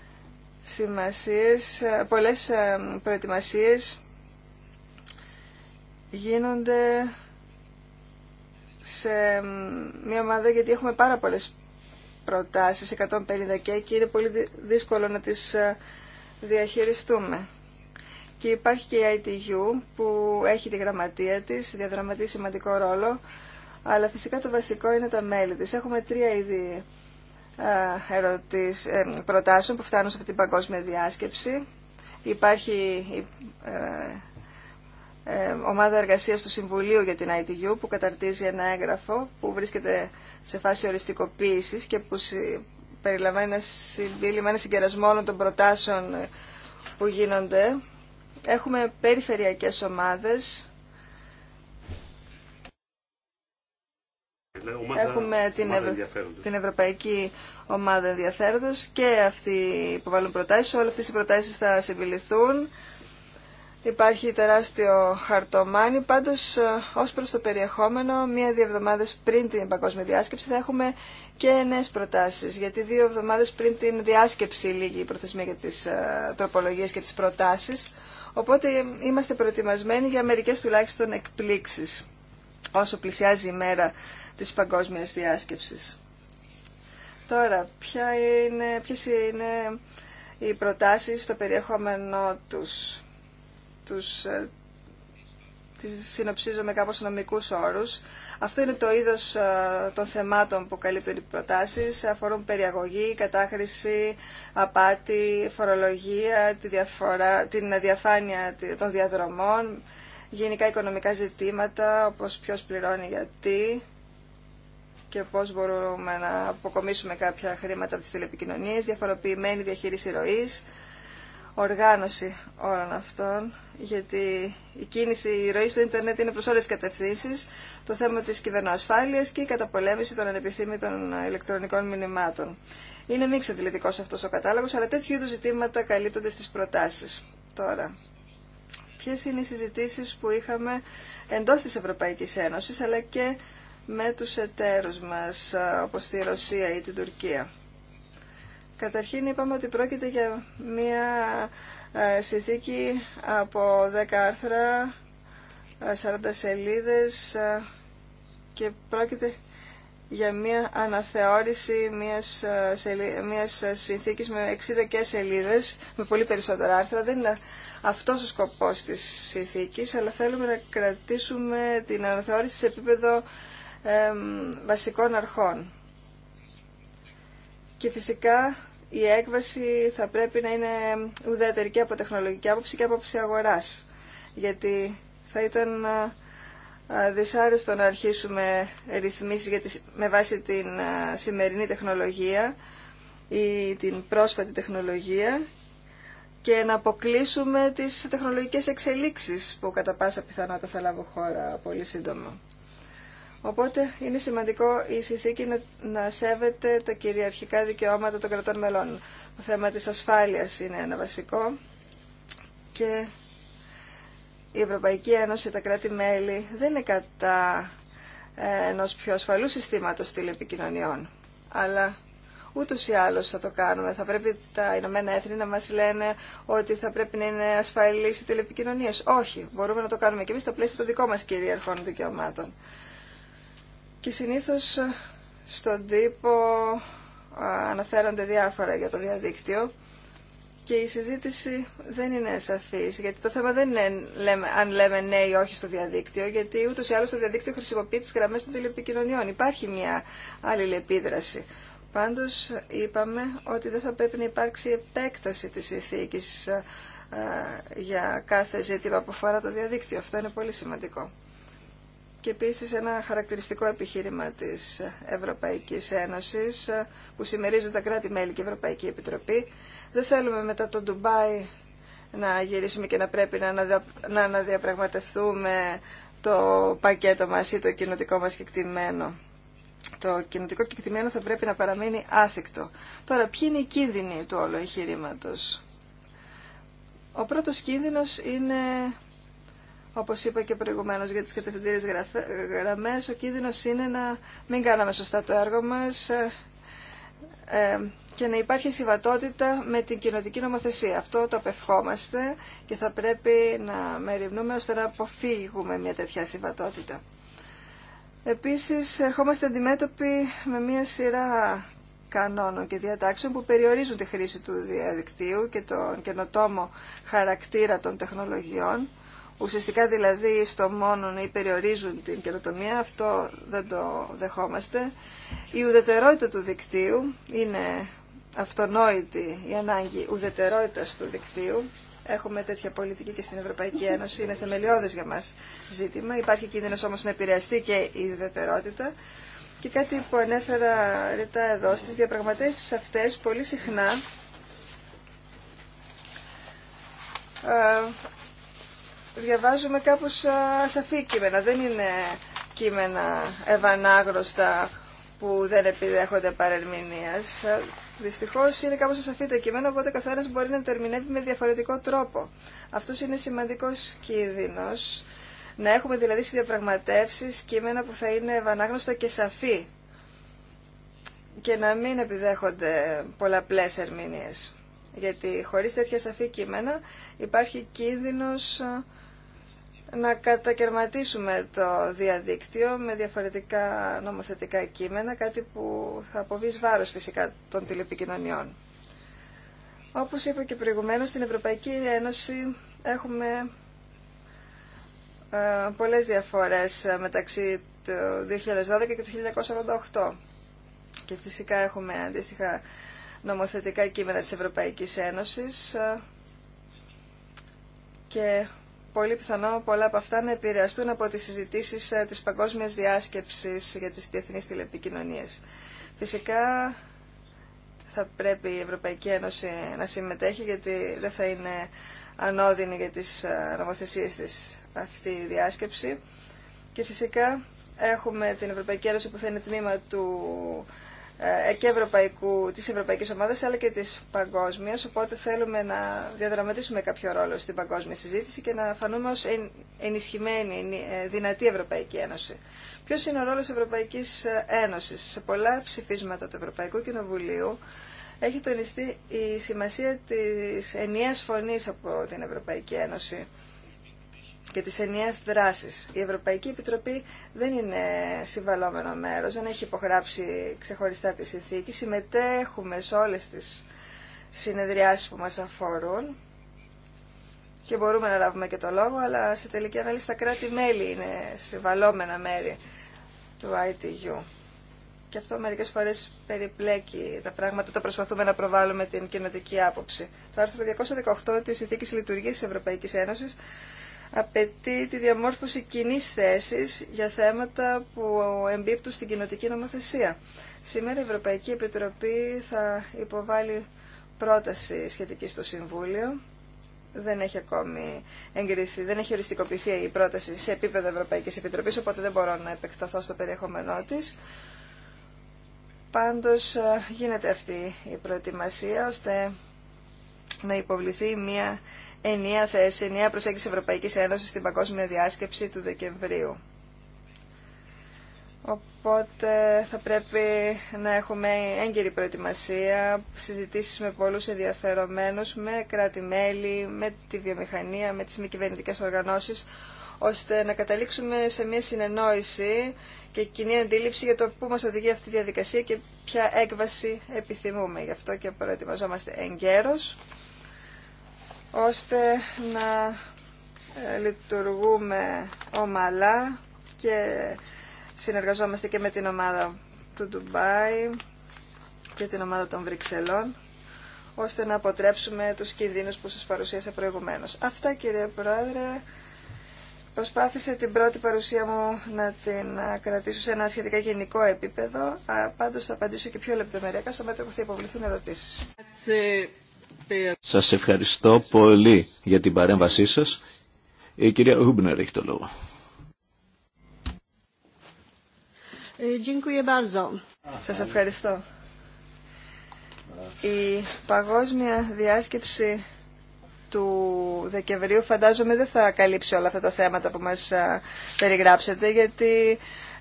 S1: σημασίες, πολλές προετοιμασίες γίνονται σε μια ομάδα γιατί έχουμε πάρα πολλές προτάσεις, 150 και εκεί είναι πολύ δύσκολο να τις διαχειριστούμε. Και υπάρχει και η ITU που έχει τη γραμματεία της, διαδραματεί σημαντικό ρόλο, αλλά φυσικά το βασικό είναι τα μέλη της. Έχουμε τρία είδη ερωτήσεις, ε, προτάσεων που φτάνουν σε αυτή την παγκόσμια διάσκεψη. Υπάρχει ε, ε, ομάδα εργασίας του Συμβουλίου για την ITU που καταρτίζει ένα έγγραφο που βρίσκεται σε φάση οριστικοποίησης και που περιλαμβάνει ένα συμπίλημα, ένα συγκερασμό όλων των προτάσεων που γίνονται. Έχουμε περιφερειακές ομάδες.
S3: Έχουμε την,
S1: Ευρωπαϊκή Ομάδα Ενδιαφέροντος και αυτοί που βάλουν προτάσεις. Όλες αυτές οι προτάσεις θα συμπληθούν. Υπάρχει τεράστιο χαρτομάνι, πάντως ε, ως προς το περιεχόμενο, μία-δύο εβδομάδες πριν την παγκόσμια διάσκεψη θα έχουμε και νέε προτάσει. Γιατί δύο εβδομάδε πριν την διάσκεψη λίγη η προθεσμία για τι ε, τροπολογίες και τι προτάσει. Οπότε είμαστε προετοιμασμένοι για μερικέ τουλάχιστον εκπλήξει όσο πλησιάζει η μέρα της παγκόσμιας διάσκεψης. Τώρα, ποια είναι, ποιες είναι οι προτάσεις στο περιεχόμενό τους, τους ε, τις συνοψίζω με κάπως νομικούς όρους. Αυτό είναι το είδος ε, των θεμάτων που καλύπτουν οι προτάσεις. Αφορούν περιαγωγή, κατάχρηση, απάτη, φορολογία, τη την αδιαφάνεια των διαδρομών, γενικά οικονομικά ζητήματα, όπως ποιος πληρώνει γιατί και πώς μπορούμε να αποκομίσουμε κάποια χρήματα από τις τηλεπικοινωνίες, διαφοροποιημένη διαχείριση ροής, οργάνωση όλων αυτών, γιατί η κίνηση, η ροή στο ίντερνετ είναι προ όλε τι κατευθύνσει. το θέμα τη κυβερνοασφάλεια και η καταπολέμηση των ανεπιθύμητων ηλεκτρονικών μηνυμάτων. Είναι μη εξαντλητικός αυτό ο κατάλογο, αλλά τέτοιου είδου ζητήματα καλύπτονται στι προτάσει. Τώρα, Ποιε είναι οι συζητήσει που είχαμε εντό τη Ευρωπαϊκή Ένωση, αλλά και με του εταίρου μα, όπω τη Ρωσία ή την Τουρκία. Καταρχήν είπαμε ότι πρόκειται για μια ε, συνθήκη από 10 άρθρα, 40 ε, σελίδες ε, και πρόκειται για μια αναθεώρηση μιας, σελί... μιας συνθήκης με 60 σελίδες, με πολύ περισσότερα άρθρα. Δεν είναι αυτός ο σκοπός της συνθήκης, αλλά θέλουμε να κρατήσουμε την αναθεώρηση σε επίπεδο βασικών αρχών. Και φυσικά η έκβαση θα πρέπει να είναι ουδέτερη και από τεχνολογική άποψη και άποψη αγοράς. Γιατί θα ήταν δυσάρεστο να αρχίσουμε ρυθμίσεις για με βάση την σημερινή τεχνολογία ή την πρόσφατη τεχνολογία και να αποκλείσουμε τις τεχνολογικές εξελίξεις που κατά πάσα πιθανότητα θα λάβω χώρα πολύ σύντομα. Οπότε είναι σημαντικό η συνθήκη να, να σέβεται τα κυριαρχικά δικαιώματα των κρατών μελών. Το θέμα της ασφάλειας είναι ένα βασικό και η Ευρωπαϊκή Ένωση, τα κράτη-μέλη δεν είναι κατά ε, ενός πιο ασφαλού συστήματος τηλεπικοινωνιών. Αλλά ούτως ή άλλως θα το κάνουμε. Θα πρέπει τα Ηνωμένα Έθνη να μας λένε ότι θα πρέπει να είναι ασφαλής η τηλεπικοινωνίες. Όχι, μπορούμε να το κάνουμε και εμείς στα πλαίσια των δικών μας κυρίαρχων δικαιωμάτων. Και συνήθως ε, στον τύπο ε, αναφέρονται διάφορα για το διαδίκτυο και η συζήτηση δεν είναι σαφής, γιατί το θέμα δεν είναι αν λέμε ναι ή όχι στο διαδίκτυο, γιατί ούτως ή άλλως το διαδίκτυο χρησιμοποιεί τις γραμμές των τηλεπικοινωνιών. Υπάρχει μια άλλη επίδραση. Πάντως είπαμε ότι δεν θα πρέπει να υπάρξει επέκταση της ηθίκης ε, για κάθε ζήτημα που αφορά το διαδίκτυο. Αυτό είναι πολύ σημαντικό. Και επίσης ένα χαρακτηριστικό επιχείρημα της Ευρωπαϊκής Ένωσης ε, που συμμερίζουν τα κράτη-μέλη και η Ευρωπαϊκή Επιτροπή. Δεν θέλουμε μετά το Ντουμπάι να γυρίσουμε και να πρέπει να αναδιαπραγματευτούμε το πακέτο μας ή το κοινωτικό μας κεκτημένο. Το κοινωτικό κεκτημένο θα πρέπει να παραμείνει άθικτο. Τώρα, ποιοι είναι οι κίνδυνοι του όλου εγχειρήματο. Ο πρώτος κίνδυνος είναι Όπω είπα και προηγουμένω για τι κατευθυντήριε γραμμέ, ο κίνδυνο είναι να μην κάναμε σωστά το έργο μας ε, ε, και να υπάρχει συμβατότητα με την κοινοτική νομοθεσία. Αυτό το απευχόμαστε και θα πρέπει να μεριμνούμε ώστε να αποφύγουμε μια τέτοια συμβατότητα. Επίσης, ερχόμαστε αντιμέτωποι με μια σειρά κανόνων και διατάξεων που περιορίζουν τη χρήση του διαδικτύου και τον καινοτόμο χαρακτήρα των τεχνολογιών ουσιαστικά δηλαδή στο μόνο ή περιορίζουν την καινοτομία, αυτό δεν το δεχόμαστε. Η ουδετερότητα του δικτύου είναι αυτονόητη η ανάγκη ουδετερότητας του δικτύου. Έχουμε τέτοια πολιτική και στην Ευρωπαϊκή Ένωση, είναι θεμελιώδες για μας ζήτημα. Υπάρχει κίνδυνος όμως να επηρεαστεί και η ουδετερότητα. Και κάτι που ανέφερα ρητά εδώ, στις διαπραγματεύσεις αυτές πολύ συχνά ε, διαβάζουμε κάπως ασαφή κείμενα. Δεν είναι κείμενα ευανάγνωστα που δεν επιδέχονται παρερμηνίας. Δυστυχώς είναι κάπως ασαφή τα κείμενα, οπότε καθένας μπορεί να τερμινεύει με διαφορετικό τρόπο. Αυτός είναι σημαντικός κίνδυνος. Να έχουμε δηλαδή στις διαπραγματεύσεις κείμενα που θα είναι ευανάγνωστα και σαφή και να μην επιδέχονται πολλαπλές ερμηνείες. Γιατί χωρίς τέτοια σαφή κείμενα υπάρχει κίνδυνος να κατακαιρματίσουμε το διαδίκτυο με διαφορετικά νομοθετικά κείμενα, κάτι που θα αποβεί βάρος φυσικά των τηλεπικοινωνιών. Όπως είπα και προηγουμένως, στην Ευρωπαϊκή Ένωση έχουμε ε, πολλές διαφορές ε, μεταξύ του 2012 και του 1988. Και φυσικά έχουμε αντίστοιχα νομοθετικά κείμενα της Ευρωπαϊκής Ένωσης ε, και πολύ πιθανό πολλά από αυτά να επηρεαστούν από τις συζητήσεις ε, της παγκόσμιας διάσκεψης για τις διεθνείς τηλεπικοινωνίες. Φυσικά θα πρέπει η Ευρωπαϊκή Ένωση να συμμετέχει γιατί δεν θα είναι ανώδυνη για τις ε, νομοθεσίες της αυτή η διάσκεψη. Και φυσικά έχουμε την Ευρωπαϊκή Ένωση που θα είναι τμήμα του ε, και ευρωπαϊκού, της Ευρωπαϊκής Ομάδας αλλά και της παγκόσμιας οπότε θέλουμε να διαδραματίσουμε κάποιο ρόλο στην παγκόσμια συζήτηση και να φανούμε ως ενισχυμένη, ε, δυνατή Ευρωπαϊκή Ένωση. Ποιος είναι ο ρόλος Ευρωπαϊκής ε, Ένωσης. Σε πολλά ψηφίσματα του Ευρωπαϊκού Κοινοβουλίου έχει τονιστεί η σημασία της ενιαίας φωνής από την Ευρωπαϊκή Ένωση και τις ενιαίας δράσεις. Η Ευρωπαϊκή Επιτροπή δεν είναι συμβαλόμενο μέρος, δεν έχει υπογράψει ξεχωριστά τη συνθήκη. Συμμετέχουμε σε όλες τις συνεδριάσεις που μας αφορούν και μπορούμε να λάβουμε και το λόγο, αλλά σε τελική ανάλυση τα κράτη-μέλη είναι συμβαλόμενα μέρη του ITU. Και αυτό μερικές φορές περιπλέκει τα πράγματα, το προσπαθούμε να προβάλλουμε την κοινοτική άποψη. Το άρθρο 218 της Συνθήκης Λειτουργίας της Ευρωπαϊκής Ένωσης απαιτεί τη διαμόρφωση κοινή θέση για θέματα που εμπίπτουν στην κοινοτική νομοθεσία. Σήμερα η Ευρωπαϊκή Επιτροπή θα υποβάλει πρόταση σχετική στο Συμβούλιο. Δεν έχει ακόμη εγκριθεί, δεν έχει οριστικοποιηθεί η πρόταση σε επίπεδο Ευρωπαϊκής Επιτροπή, οπότε δεν μπορώ να επεκταθώ στο περιεχόμενό τη. Πάντως ε, γίνεται αυτή η προετοιμασία ώστε να υποβληθεί μια ενιαία θέση, ενιαία προσέγγιση Ευρωπαϊκής Ένωσης στην παγκόσμια διάσκεψη του Δεκεμβρίου. Οπότε θα πρέπει να έχουμε έγκυρη προετοιμασία, συζητήσεις με πολλούς ενδιαφερομένους, με κράτη-μέλη, με τη βιομηχανία, με τις μη κυβερνητικέ οργανώσεις, ώστε να καταλήξουμε σε μια συνεννόηση και κοινή αντίληψη για το πού μας οδηγεί αυτή η διαδικασία και ποια έκβαση επιθυμούμε. Γι' αυτό και προετοιμαζόμαστε εγκαίρως ώστε να ε, λειτουργούμε ομαλά και συνεργαζόμαστε και με την ομάδα του Ντουμπάι και την ομάδα των Βρυξελών ώστε να αποτρέψουμε τους κινδύνους που σας παρουσίασα προηγουμένως. Αυτά κύριε Πρόεδρε. Προσπάθησε την πρώτη παρουσία μου να την ε, κρατήσω σε ένα σχετικά γενικό επίπεδο. Πάντως θα απαντήσω και πιο λεπτομεριακά στο μέτρο που θα υποβληθούν ερωτήσεις.
S2: Σας ευχαριστώ πολύ για την παρέμβασή σας. Η κυρία Ούμπνερ έχει το λόγο.
S1: Ε, σας ευχαριστώ. Η παγκόσμια διάσκεψη του Δεκεμβρίου φαντάζομαι δεν θα καλύψει όλα αυτά τα θέματα που μας ε, περιγράψετε γιατί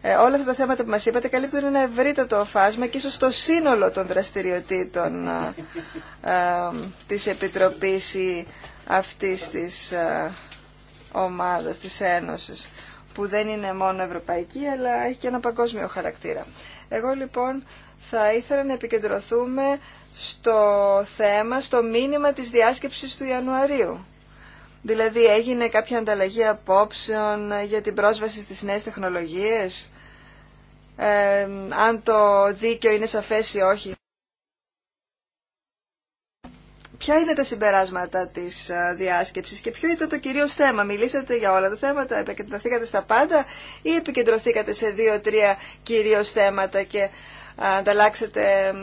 S1: ε, όλα αυτά τα θέματα που μας είπατε καλύπτουν ένα ευρύτατο φάσμα και ίσως το σύνολο των δραστηριοτήτων ε, ε, της Επιτροπής ή αυτής της ομάδας, της Ένωσης που δεν είναι μόνο ευρωπαϊκή αλλά έχει και ένα παγκόσμιο χαρακτήρα. Εγώ λοιπόν θα ήθελα να επικεντρωθούμε στο θέμα, στο μήνυμα της διάσκεψης του Ιανουαρίου. Δηλαδή έγινε κάποια ανταλλαγή απόψεων για την πρόσβαση στις νέες τεχνολογίες αν το δίκαιο είναι σαφές ή όχι. Ποια είναι τα συμπεράσματα της ε, διάσκεψης και ποιο ήταν το κυρίως θέμα. Μιλήσατε για όλα τα θέματα, επικεντρωθήκατε στα πάντα ή επικεντρωθήκατε σε δύο-τρία κυρίως θέματα και ε, ανταλλάξατε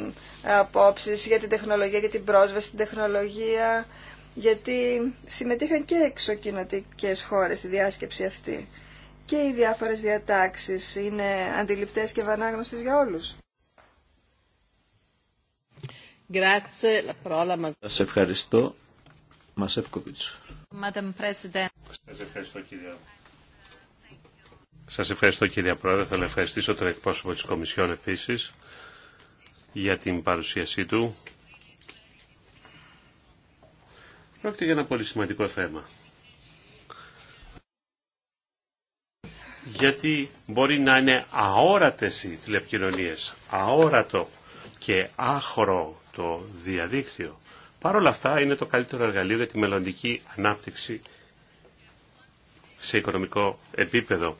S1: απόψεις για την τεχνολογία, για την πρόσβαση στην τεχνολογία, γιατί συμμετείχαν και εξωκοινωτικές χώρες στη διάσκεψη αυτή και οι διάφορες διατάξεις είναι αντιληπτές και βανάγνωστες για όλους.
S2: Σα ευχαριστώ. Μας ευχαριστώ
S3: κύριε. Σας ευχαριστώ Πρόεδρε. Θα ευχαριστήσω τον εκπρόσωπο της Κομισιόν επίσης για την παρουσίασή του. Πρόκειται για ένα πολύ σημαντικό θέμα. γιατί μπορεί να είναι αόρατες οι τηλεπικοινωνίες, αόρατο και άχρο το διαδίκτυο. Παρ' όλα αυτά είναι το καλύτερο εργαλείο για τη μελλοντική ανάπτυξη σε οικονομικό επίπεδο.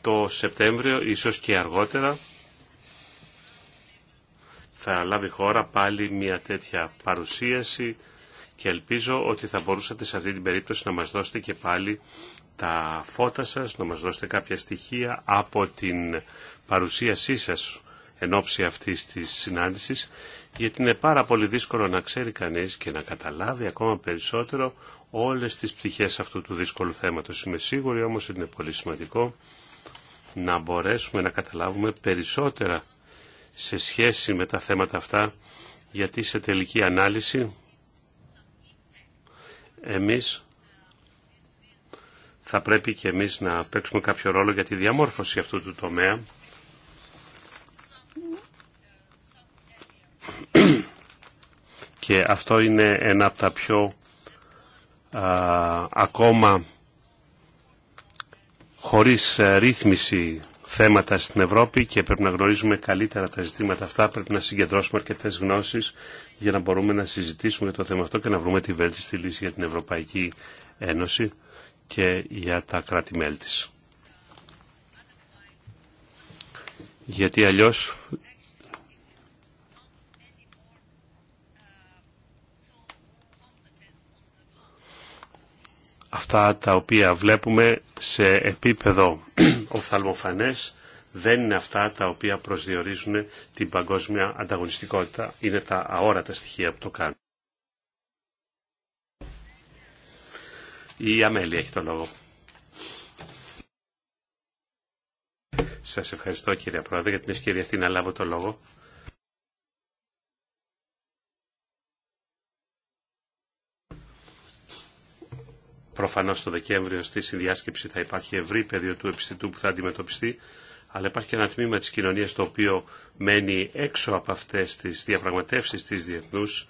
S3: Το Σεπτέμβριο, ίσως και αργότερα, θα λάβει χώρα πάλι μια τέτοια παρουσίαση και ελπίζω ότι θα μπορούσατε σε αυτή την περίπτωση να μας δώσετε και πάλι τα φώτα σας, να μας δώσετε κάποια στοιχεία από την παρουσίασή σας εν ώψη αυτής της συνάντησης, γιατί είναι πάρα πολύ δύσκολο να ξέρει κανείς και να καταλάβει ακόμα περισσότερο όλες τις πτυχές αυτού του δύσκολου θέματος. Είμαι σίγουρη όμως ότι είναι πολύ σημαντικό να μπορέσουμε να καταλάβουμε περισσότερα σε σχέση με τα θέματα αυτά, γιατί σε τελική ανάλυση εμείς θα πρέπει και εμείς να παίξουμε κάποιο ρόλο για τη διαμόρφωση αυτού του τομέα. Και αυτό είναι ένα από τα πιο α, ακόμα χωρίς ε, ρύθμιση θέματα στην Ευρώπη και πρέπει να γνωρίζουμε καλύτερα τα ζητήματα αυτά. Πρέπει να συγκεντρώσουμε αρκετέ γνώσεις για να μπορούμε να συζητήσουμε το θέμα αυτό και να βρούμε τη βέλτιστη λύση για την Ευρωπαϊκή Ένωση και για τα κράτη-μέλη της. Γιατί αλλιώς αυτά τα οποία βλέπουμε σε επίπεδο οφθαλμοφανές δεν είναι αυτά τα οποία προσδιορίζουν την παγκόσμια ανταγωνιστικότητα. Είναι τα αόρατα στοιχεία που το κάνουν. Η Αμέλη έχει το λόγο. Σας ευχαριστώ κύριε Πρόεδρε για την ευκαιρία αυτή να λάβω το λόγο. Προφανώς το Δεκέμβριο στη συνδιάσκεψη θα υπάρχει ευρύ πεδίο του επιστητού που θα αντιμετωπιστεί, αλλά υπάρχει και ένα τμήμα της κοινωνίας το οποίο μένει έξω από αυτές τις διαπραγματεύσεις της διεθνούς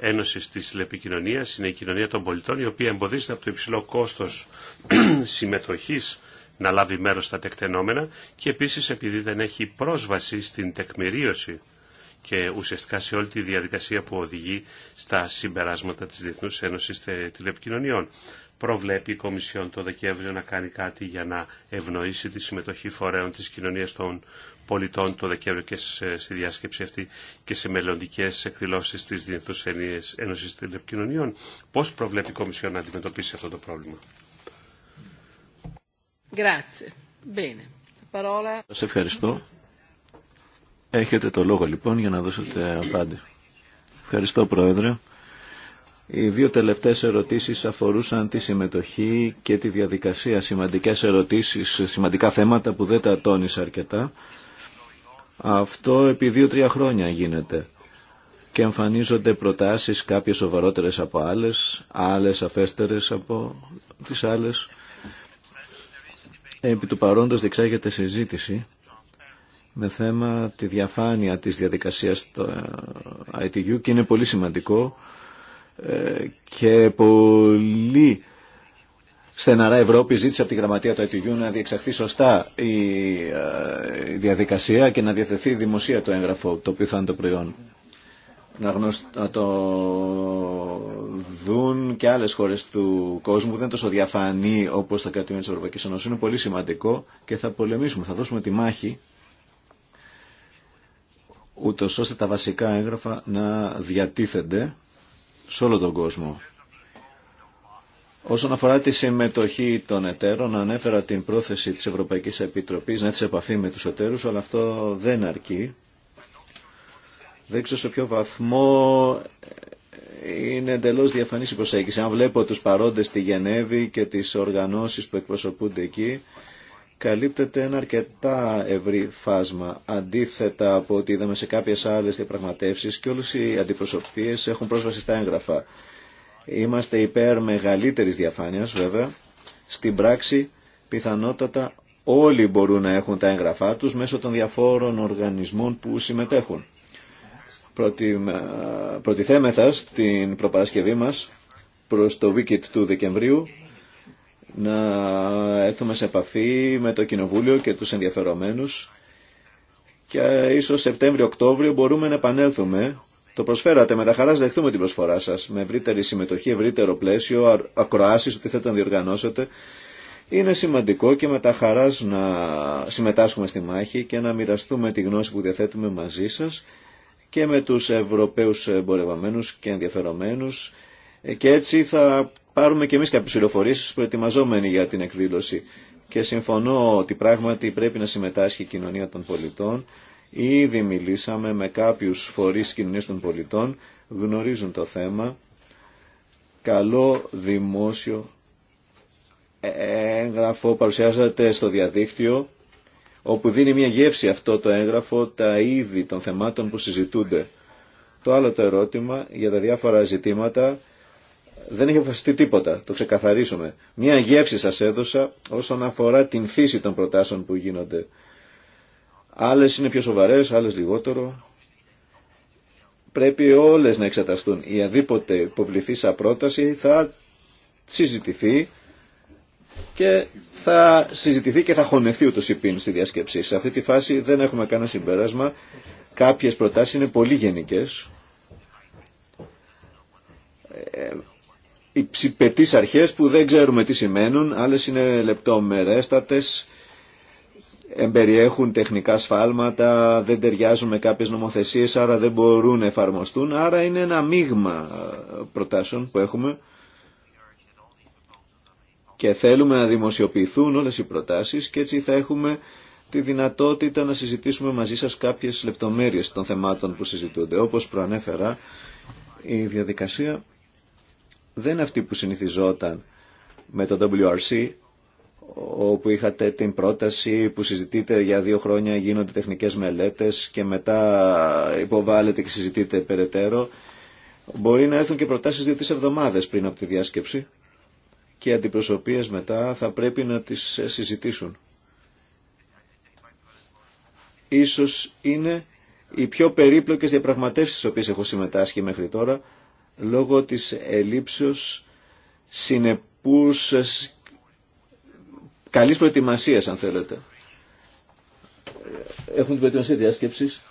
S3: Ένωσης τη τηλεπικοινωνία, είναι η κοινωνία των πολιτών η οποία εμποδίζεται από το υψηλό κόστος συμμετοχής να λάβει μέρος στα τεκτενόμενα και επίσης επειδή δεν έχει πρόσβαση στην τεκμηρίωση και ουσιαστικά σε όλη τη διαδικασία που οδηγεί στα συμπεράσματα της Διεθνούς Ένωσης Τηλεπικοινωνιών προβλέπει η Κομισιόν το Δεκέμβριο να κάνει κάτι για να ευνοήσει τη συμμετοχή φορέων της κοινωνίας των πολιτών το Δεκέμβριο και στη διάσκεψη αυτή και σε μελλοντικέ εκδηλώσεις της Διεθνούς Ένωσης Τηλεπικοινωνιών. Πώς προβλέπει η Κομισιόν να αντιμετωπίσει αυτό το πρόβλημα.
S2: Σας ευχαριστώ. Έχετε το λόγο λοιπόν για να δώσετε απάντηση. Ευχαριστώ Πρόεδρε. Οι δύο τελευταίες ερωτήσεις αφορούσαν τη συμμετοχή και τη διαδικασία. Σημαντικές ερωτήσεις, σημαντικά θέματα που δεν τα τόνισα αρκετά. Αυτό επί δύο-τρία χρόνια γίνεται και εμφανίζονται προτάσεις κάποιες σοβαρότερες από άλλες, άλλες αφέστερες από τις άλλες. Επί του παρόντος διεξάγεται συζήτηση με θέμα τη διαφάνεια της διαδικασίας του ε, ITU και είναι πολύ σημαντικό ε, και πολύ στεναρά Ευρώπη ζήτησε από τη Γραμματεία του ITU να διεξαχθεί σωστά ε, η διαδικασία και να διαθεθεί δημοσία το έγγραφο το οποίο θα είναι το προϊόν. Να, το δουν και άλλες χώρες του κόσμου. Δεν τόσο διαφανεί όπως τα κρατημένα της Ευρωπαϊκής Ένωσης. Είναι πολύ σημαντικό και θα πολεμήσουμε, θα δώσουμε τη μάχη ούτως ώστε τα βασικά έγγραφα να διατίθενται σε όλο τον κόσμο. Όσον αφορά τη συμμετοχή των εταίρων, ανέφερα την πρόθεση της Ευρωπαϊκής Επιτροπής να έρθει σε επαφή με τους εταίρους, αλλά αυτό δεν αρκεί. Δεν ξέρω σε ποιο βαθμό είναι εντελώ διαφανής η προσέγγιση. Αν βλέπω τους παρόντες στη Γενέβη και τις οργανώσεις που εκπροσωπούνται εκεί, καλύπτεται ένα αρκετά ευρύ φάσμα, αντίθετα από ό,τι είδαμε σε κάποιες άλλες διαπραγματεύσεις και όλες οι αντιπροσωπείες έχουν πρόσβαση στα έγγραφα. Είμαστε υπέρ μεγαλύτερης διαφάνειας βέβαια. Στην πράξη πιθανότατα όλοι μπορούν να έχουν τα έγγραφά τους μέσω των διαφόρων οργανισμών που συμμετέχουν. Πρωτιθέμεθα στην προπαρασκευή μας προς το Wikit του Δεκεμβρίου να έρθουμε σε επαφή με το Κοινοβούλιο και τους ενδιαφερομένους και ίσως Σεπτέμβριο-Οκτώβριο μπορούμε να επανέλθουμε. Το προσφέρατε, με τα χαράς δεχτούμε την προσφορά σας με ευρύτερη συμμετοχή, ευρύτερο πλαίσιο, ακροάσεις, ότι θέλετε να διοργανώσετε. Είναι σημαντικό και με τα χαράς να συμμετάσχουμε στη μάχη και να μοιραστούμε τη γνώση που διαθέτουμε μαζί σας και με τους Ευρωπαίους εμπορευαμένους και ενδιαφερομένους ε, και έτσι θα πάρουμε και εμείς κάποιες πληροφορίες προετοιμαζόμενοι για την εκδήλωση. Και συμφωνώ ότι πράγματι πρέπει να συμμετάσχει η κοινωνία των πολιτών. Ήδη μιλήσαμε με κάποιους φορείς κοινωνίας των πολιτών, γνωρίζουν το θέμα. Καλό δημόσιο ε, έγγραφο παρουσιάζεται στο διαδίκτυο, όπου δίνει μια γεύση αυτό το έγγραφο τα είδη των θεμάτων που συζητούνται. Το άλλο το ερώτημα για τα διάφορα ζητήματα δεν έχει αποφασιστεί τίποτα, το ξεκαθαρίσουμε. Μία γεύση σας έδωσα όσον αφορά την φύση των προτάσεων που γίνονται. Άλλες είναι πιο σοβαρές, άλλες λιγότερο. Πρέπει όλες να εξεταστούν. Η αδίποτε υποβληθεί σαν πρόταση θα συζητηθεί και θα συζητηθεί και θα χωνευτεί ούτως πίν στη διασκεψή. Σε αυτή τη φάση δεν έχουμε κανένα συμπέρασμα. Κάποιες προτάσεις είναι πολύ γενικέ. Ε, υψηπετείς αρχές που δεν ξέρουμε τι σημαίνουν, άλλες είναι λεπτομερέστατες, εμπεριέχουν τεχνικά σφάλματα, δεν ταιριάζουν με κάποιες νομοθεσίες, άρα δεν μπορούν να εφαρμοστούν, άρα είναι ένα μείγμα προτάσεων που έχουμε και θέλουμε να δημοσιοποιηθούν όλες οι προτάσεις και έτσι θα έχουμε τη δυνατότητα να συζητήσουμε μαζί σας κάποιες λεπτομέρειες των θεμάτων που συζητούνται. Όπως προανέφερα, η διαδικασία δεν είναι αυτή που συνηθιζόταν με το WRC όπου είχατε την πρόταση που συζητείτε για δύο χρόνια γίνονται τεχνικές μελέτες και μετά υποβάλλετε και συζητείτε περαιτέρω. Μπορεί να έρθουν και προτάσεις δύο τις εβδομάδες πριν από τη διάσκεψη και οι αντιπροσωπείες μετά θα πρέπει να τις συζητήσουν. Ίσως είναι οι πιο περίπλοκες διαπραγματεύσεις στις οποίες έχω συμμετάσχει μέχρι τώρα λόγω της ελήψεως συνεπούς καλής προετοιμασίας αν θέλετε. Έχουν την προετοιμασία διάσκεψης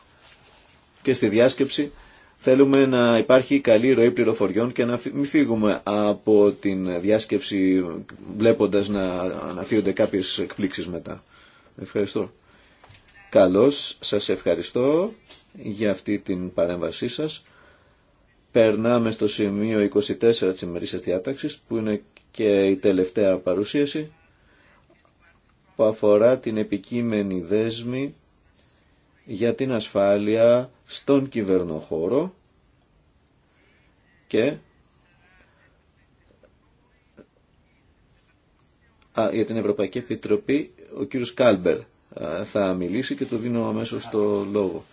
S2: και στη διάσκεψη θέλουμε να υπάρχει καλή ροή πληροφοριών και να μην φύγουμε από την διάσκεψη βλέποντας να αναφύονται κάποιες εκπλήξεις μετά. Ευχαριστώ. Καλώς, σας ευχαριστώ για αυτή την παρέμβασή σας. Περνάμε στο σημείο 24 της ημερήσιας διάταξης που είναι και η τελευταία παρουσίαση που αφορά την επικείμενη δέσμη για την ασφάλεια στον κυβερνοχώρο και για την Ευρωπαϊκή Επιτροπή ο κύριος Κάλμπερ θα μιλήσει και το δίνω αμέσως το λόγο.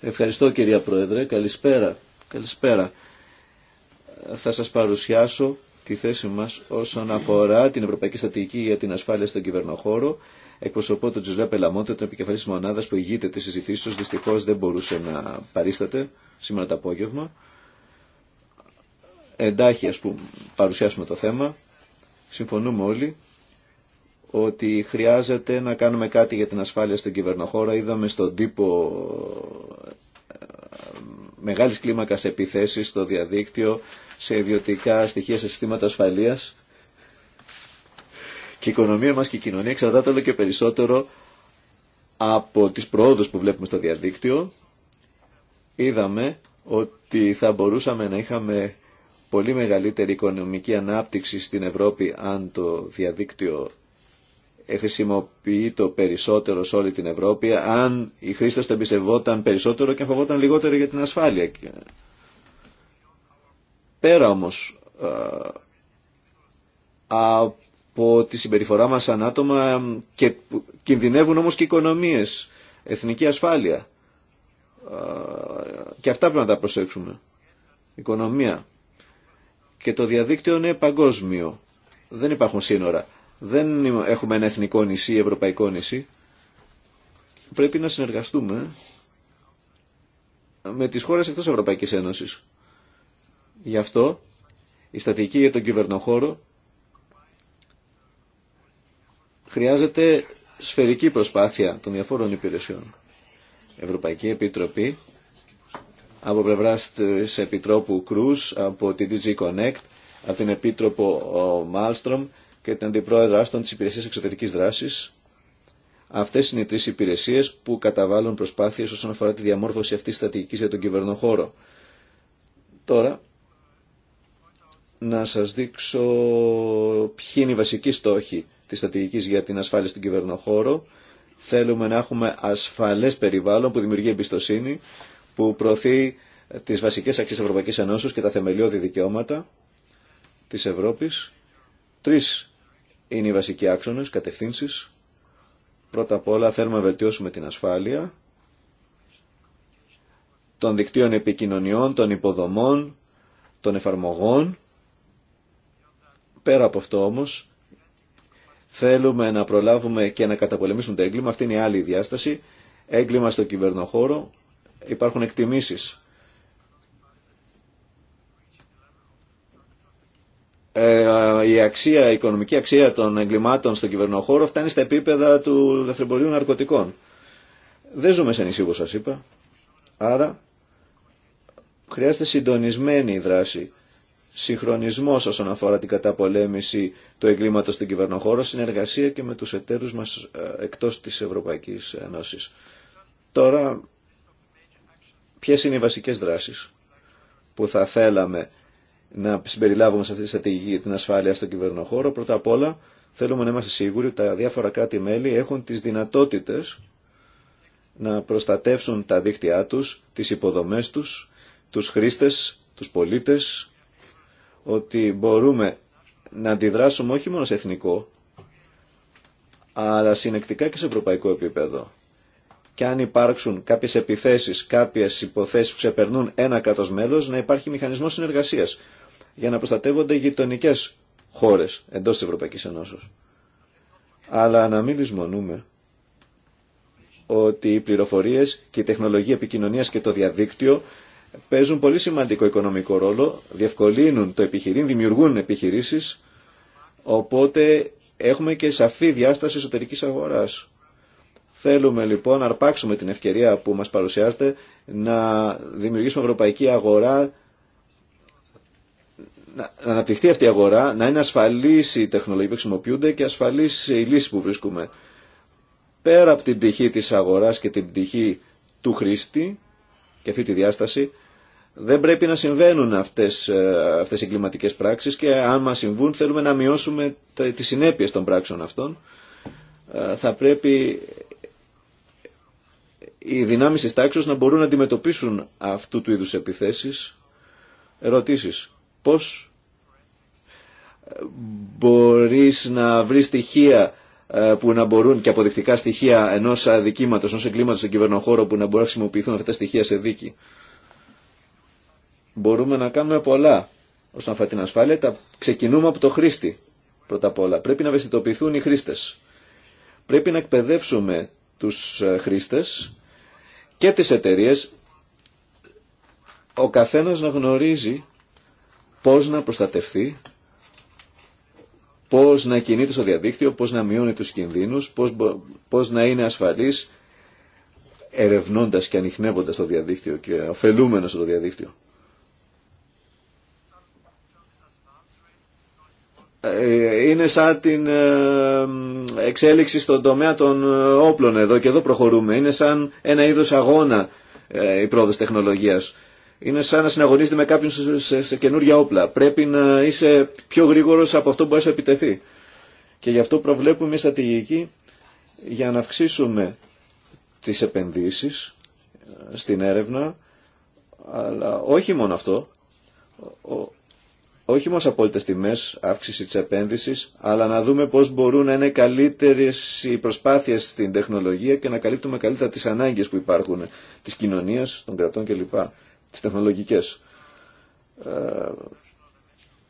S2: Ευχαριστώ κυρία Πρόεδρε. Καλησπέρα. Καλησπέρα θα σας παρουσιάσω τη θέση μας όσον αφορά την Ευρωπαϊκή Στατική για την Ασφάλεια στον Κυβερνοχώρο. Εκπροσωπώ τον Τζουζέ Πελαμόντε, τον επικεφαλής της μονάδας που ηγείται τη τους. Δυστυχώς δεν μπορούσε να παρίσταται σήμερα το απόγευμα. Εντάχει, ας πούμε, παρουσιάσουμε το θέμα. Συμφωνούμε όλοι ότι χρειάζεται να κάνουμε κάτι για την ασφάλεια στον κυβερνοχώρο. Είδαμε στον τύπο μεγάλης κλίμακας επιθέσεις στο διαδίκτυο, σε ιδιωτικά στοιχεία, σε συστήματα ασφαλείας. Και η οικονομία μας και η κοινωνία εξαρτάται όλο και περισσότερο από τις προόδους που βλέπουμε στο διαδίκτυο. Είδαμε ότι θα μπορούσαμε να είχαμε πολύ μεγαλύτερη οικονομική ανάπτυξη στην Ευρώπη αν το διαδίκτυο χρησιμοποιεί το περισσότερο σε όλη την Ευρώπη αν οι χρήστες το εμπιστευόταν περισσότερο και φοβόταν λιγότερο για την ασφάλεια. Πέρα όμως ε, από τη συμπεριφορά μας σαν άτομα ε, και κινδυνεύουν όμως και οικονομίες, εθνική ασφάλεια. Ε, και αυτά πρέπει να τα προσέξουμε. Οικονομία. Και το διαδίκτυο είναι παγκόσμιο. Δεν υπάρχουν σύνορα. Δεν έχουμε ένα εθνικό νησί ευρωπαϊκό νησί. Πρέπει να συνεργαστούμε με τις χώρες εκτός Ευρωπαϊκής Ένωσης. Γι' αυτό η στατική για τον κυβερνοχώρο χρειάζεται σφαιρική προσπάθεια των διαφόρων υπηρεσιών. Ευρωπαϊκή Επιτροπή από πλευρά τη Επιτρόπου Κρούς, από την DG Connect, από την Επίτροπο Μάλστρομ και την Αντιπρόεδρο Άστον της Υπηρεσίας Εξωτερικής Δράσης. Αυτές είναι οι τρει υπηρεσίε που καταβάλουν προσπάθειε όσον αφορά τη διαμόρφωση αυτή τη στρατηγικής για τον κυβερνοχώρο. Τώρα, να σας δείξω ποιοι είναι οι βασικοί στόχοι της στρατηγικής για την ασφάλεια στον κυβερνοχώρο. Θέλουμε να έχουμε ασφαλές περιβάλλον που δημιουργεί εμπιστοσύνη, που προωθεί τις βασικές αξίες Ευρωπαϊκής Ενώσεως και τα θεμελιώδη δικαιώματα της Ευρώπης. Τρεις είναι οι βασικοί άξονες, κατευθύνσεις. Πρώτα απ' όλα θέλουμε να βελτιώσουμε την ασφάλεια των δικτύων επικοινωνιών, των υποδομών, των εφαρμογών. Πέρα από αυτό όμως, θέλουμε να προλάβουμε και να καταπολεμήσουμε το έγκλημα. Αυτή είναι η άλλη διάσταση. Έγκλημα στο κυβερνοχώρο. Υπάρχουν εκτιμήσεις Ε, η αξία, οικονομική αξία των εγκλημάτων στον κυβερνοχώρο φτάνει στα επίπεδα του λαθρεμπορίου ναρκωτικών. Δεν ζούμε σε νησί, όπως σας είπα. Άρα, χρειάζεται συντονισμένη η δράση. Συγχρονισμό όσον αφορά την καταπολέμηση του εγκλήματος στον κυβερνοχώρο, συνεργασία και με τους εταίρους μας ε, εκτός της ευρωπαϊκή Ένωση. Τώρα, ποιε είναι οι βασικέ δράσει που θα θέλαμε να συμπεριλάβουμε σε αυτή τη στρατηγική την ασφάλεια στον κυβερνοχώρο. Πρώτα απ' όλα θέλουμε να είμαστε σίγουροι ότι τα διάφορα κράτη-μέλη έχουν τις δυνατότητες να προστατεύσουν τα δίκτυά τους, τις υποδομές τους, τους χρήστες, τους πολίτες, ότι μπορούμε να αντιδράσουμε όχι μόνο σε εθνικό, αλλά συνεκτικά και σε ευρωπαϊκό επίπεδο. Και αν υπάρξουν κάποιες επιθέσεις, κάποιες υποθέσεις που ξεπερνούν ένα κράτος μέλος, να υπάρχει μηχανισμός συνεργασίας για να προστατεύονται οι γειτονικέ χώρε εντό τη Ευρωπαϊκή Ενώσεω. Αλλά να μην λησμονούμε ότι οι πληροφορίε και η τεχνολογία επικοινωνία και το διαδίκτυο παίζουν πολύ σημαντικό οικονομικό ρόλο, διευκολύνουν το επιχειρήν, δημιουργούν επιχειρήσει, οπότε έχουμε και σαφή διάσταση εσωτερική αγορά. Θέλουμε λοιπόν να αρπάξουμε την ευκαιρία που μας παρουσιάζεται να δημιουργήσουμε ευρωπαϊκή αγορά να αναπτυχθεί αυτή η αγορά, να είναι ασφαλή η τεχνολογία που χρησιμοποιούνται και ασφαλή η λύση που βρίσκουμε. Πέρα από την πτυχή της αγοράς και την πτυχή του χρήστη και αυτή τη διάσταση, δεν πρέπει να συμβαίνουν αυτές, ε, αυτές οι κλιματικές πράξεις και αν μας συμβούν θέλουμε να μειώσουμε τι συνέπειε των πράξεων αυτών. Ε, θα πρέπει οι δυνάμεις της τάξης να μπορούν να αντιμετωπίσουν αυτού του είδους επιθέσεις. Ερωτήσεις. Πώς ε, μπορείς να βρεις στοιχεία ε, που να μπορούν και αποδεικτικά στοιχεία ενός αδικήματος, ενός εγκλήματος στον κυβερνοχώρο που να μπορούν να χρησιμοποιηθούν αυτά τα στοιχεία σε δίκη. Μπορούμε να κάνουμε πολλά όσον αφορά την ασφάλεια. Τα ξεκινούμε από το χρήστη πρώτα απ' όλα. Πρέπει να ευαισθητοποιηθούν οι χρήστες. Πρέπει να εκπαιδεύσουμε τους ε, χρήστες και τις εταιρείες ο καθένας να γνωρίζει πώς να προστατευτεί, πώς να κινείται στο διαδίκτυο, πώς να μειώνει τους κινδύνους, πώς, πώς να είναι ασφαλής ερευνώντας και ανοιχνεύοντας το διαδίκτυο και ωφελούμενος στο διαδίκτυο. Ε, είναι σαν την ε, εξέλιξη στον τομέα των ε, όπλων εδώ και εδώ προχωρούμε. Είναι σαν ένα είδος αγώνα η πρόοδος τεχνολογίας είναι σαν να συναγωνίζεται με κάποιον σε, σε, καινούργια όπλα. Πρέπει να είσαι πιο γρήγορο από αυτό που μπορεί να επιτεθεί. Και γι' αυτό προβλέπουμε μια στρατηγική για να αυξήσουμε τι επενδύσει ε, στην έρευνα, αλλά όχι μόνο αυτό, όχι μόνο σε απόλυτες τιμέ, αύξηση τη επένδυση, αλλά να δούμε πώ μπορούν να είναι καλύτερε οι προσπάθειε στην τεχνολογία και να καλύπτουμε καλύτερα τι ανάγκε που υπάρχουν τη κοινωνία των κρατών κλπ τις τεχνολογικές. Ε,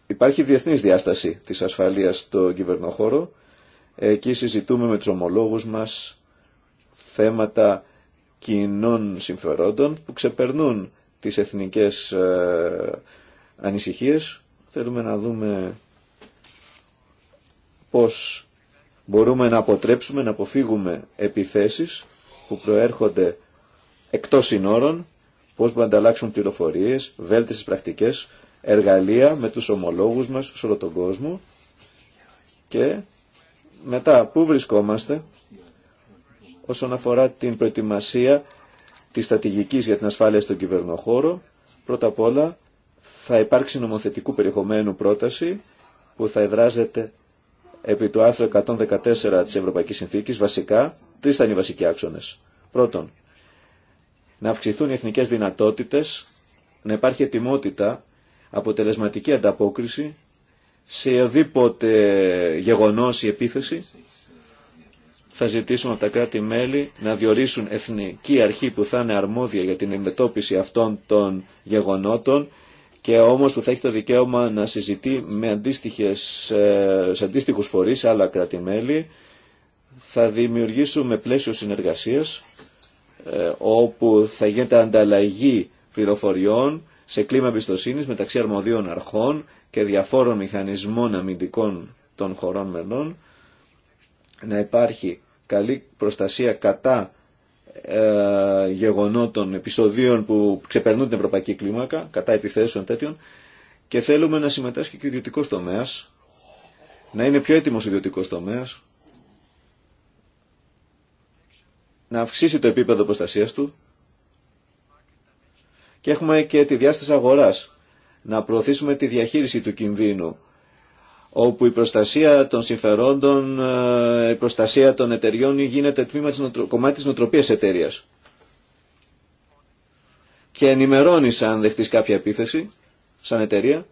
S2: υπάρχει διεθνής διάσταση της ασφαλείας στο κυβερνοχώρο. Εκεί συζητούμε με τους ομολόγους μας θέματα κοινών συμφερόντων που ξεπερνούν τις εθνικές ε, ανησυχίες. Θέλουμε να δούμε πώς μπορούμε να αποτρέψουμε, να αποφύγουμε επιθέσεις που προέρχονται εκτός συνόρων Πώ μπορούν να ανταλλάξουν πληροφορίε, βέλτιστες πρακτικές, εργαλεία με τους ομολόγους μας σε όλο τον κόσμο και μετά πού βρισκόμαστε όσον αφορά την προετοιμασία της στρατηγικής για την ασφάλεια στον κυβερνοχώρο. Πρώτα απ' όλα θα υπάρξει νομοθετικού περιεχομένου πρόταση που θα εδράζεται επί του άρθρου 114 της Ευρωπαϊκής Συνθήκης βασικά. Τρεις θα είναι οι βασικοί άξονες. Πρώτον, να αυξηθούν οι εθνικές δυνατότητες, να υπάρχει ετοιμότητα, αποτελεσματική ανταπόκριση σε οδήποτε γεγονός ή επίθεση. Θα ζητήσουμε από τα κράτη-μέλη να διορίσουν εθνική αρχή που θα είναι αρμόδια για την εμπετόπιση αυτών των γεγονότων και όμως που θα έχει το δικαίωμα να συζητεί με αντίστοιχες, ε, σε αντίστοιχους άλλα κράτη-μέλη. Θα δημιουργήσουμε πλαίσιο συνεργασίας ε, όπου θα γίνεται ανταλλαγή πληροφοριών σε κλίμα εμπιστοσύνη μεταξύ αρμοδίων αρχών και διαφόρων μηχανισμών αμυντικών των χωρών μελών, να υπάρχει καλή προστασία κατά ε, γεγονότων, επεισοδίων που ξεπερνούν την ευρωπαϊκή κλίμακα, κατά επιθέσεων τέτοιων και θέλουμε να συμμετάσχει και ο ιδιωτικό τομέα, να είναι πιο έτοιμο ο ιδιωτικό τομέα, να αυξήσει το επίπεδο προστασίας του και έχουμε και τη διάσταση αγοράς, να προωθήσουμε τη διαχείριση του κινδύνου όπου η προστασία των συμφερόντων, ε, η προστασία των εταιριών γίνεται τμήμα της νοτρο... κομμάτι της νοτροπίας εταιρείας. Και ενημερώνει αν δεχτείς κάποια επίθεση σαν εταιρεία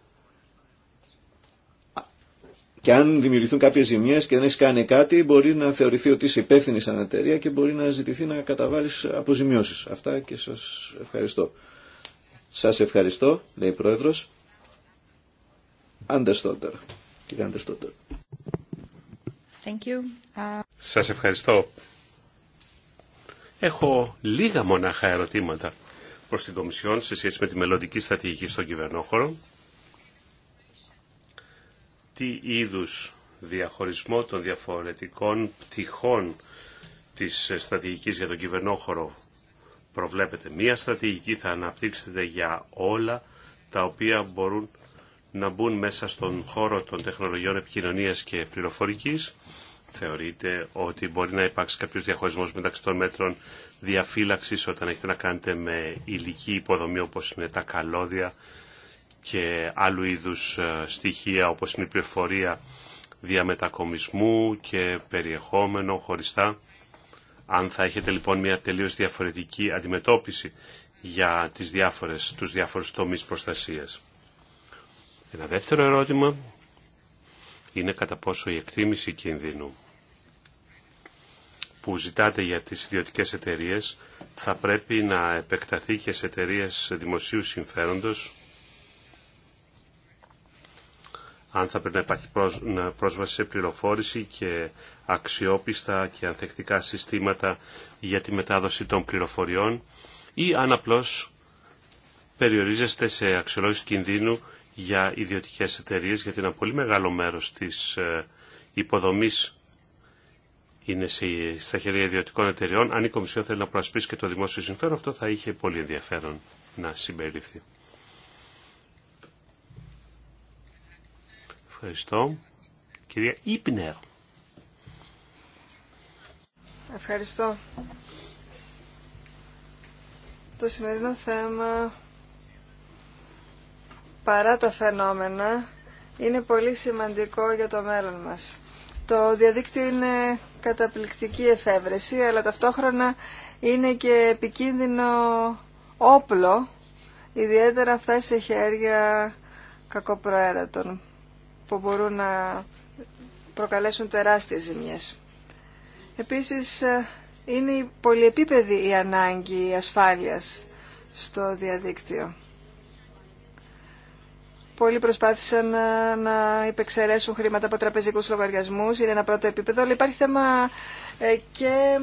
S2: και αν δημιουργηθούν κάποιε ζημίε και δεν έχει κάνει κάτι, μπορεί να θεωρηθεί ότι είσαι υπεύθυνη σαν εταιρεία και μπορεί να ζητηθεί να καταβάλει αποζημιώσει. Αυτά και σα ευχαριστώ. Σα ευχαριστώ, λέει η Πρόεδρο. Αντεστότερ. Κύριε Αντεστότερ. Uh,
S3: σα ευχαριστώ. Έχω λίγα μονάχα ερωτήματα προς την Κομισιόν σε σχέση με τη μελλοντική στρατηγική στον κυβερνόχωρο τι είδους διαχωρισμό των διαφορετικών πτυχών της στρατηγικής για τον κυβερνόχωρο προβλέπετε. Μία στρατηγική θα αναπτύξετε για όλα τα οποία μπορούν να μπουν μέσα στον χώρο των τεχνολογιών επικοινωνίας και πληροφορικής. Θεωρείτε ότι μπορεί να υπάρξει κάποιος διαχωρισμός μεταξύ των μέτρων διαφύλαξης όταν έχετε να κάνετε με υλική υποδομή όπως είναι τα καλώδια και άλλου είδους ε, στοιχεία όπως είναι η πληροφορία διαμετακομισμού και περιεχόμενο χωριστά. Αν θα έχετε λοιπόν μια τελείως διαφορετική αντιμετώπιση για τις διάφορες, τους διάφορους τομείς προστασίας. Ένα δεύτερο ερώτημα είναι κατά πόσο η εκτίμηση κινδύνου που ζητάτε για τις ιδιωτικές εταιρείες θα πρέπει να επεκταθεί και σε εταιρείε δημοσίου συμφέροντος αν θα πρέπει να υπάρχει πρόσβαση σε πληροφόρηση και αξιόπιστα και ανθεκτικά συστήματα για τη μετάδοση των πληροφοριών ή αν απλώς περιορίζεστε σε αξιολόγηση κινδύνου για ιδιωτικές εταιρείες, γιατί ένα πολύ μεγάλο μέρος της ε, υποδομής είναι στα χέρια ιδιωτικών εταιρεών. Αν η Κομισιόν θέλει να προασπίσει και το δημόσιο συμφέρον, αυτό θα είχε πολύ ενδιαφέρον να συμπεριληφθεί. Ευχαριστώ. Κυρία Ήπνερ.
S1: Ευχαριστώ. Το σημερινό θέμα, παρά τα φαινόμενα, είναι πολύ σημαντικό για το μέλλον μας. Το διαδίκτυο είναι καταπληκτική εφεύρεση, αλλά ταυτόχρονα είναι και επικίνδυνο όπλο, ιδιαίτερα αυτά σε χέρια κακοπροαίρετων που μπορούν να προκαλέσουν τεράστιες ζημιές. Επίσης, ε, είναι η πολυεπίπεδη η ανάγκη ασφάλειας στο διαδίκτυο. Πολλοί προσπάθησαν να, ε, να υπεξαιρέσουν χρήματα από τραπεζικού λογαριασμού. Είναι ένα πρώτο επίπεδο. Αλλά υπάρχει θέμα ε, και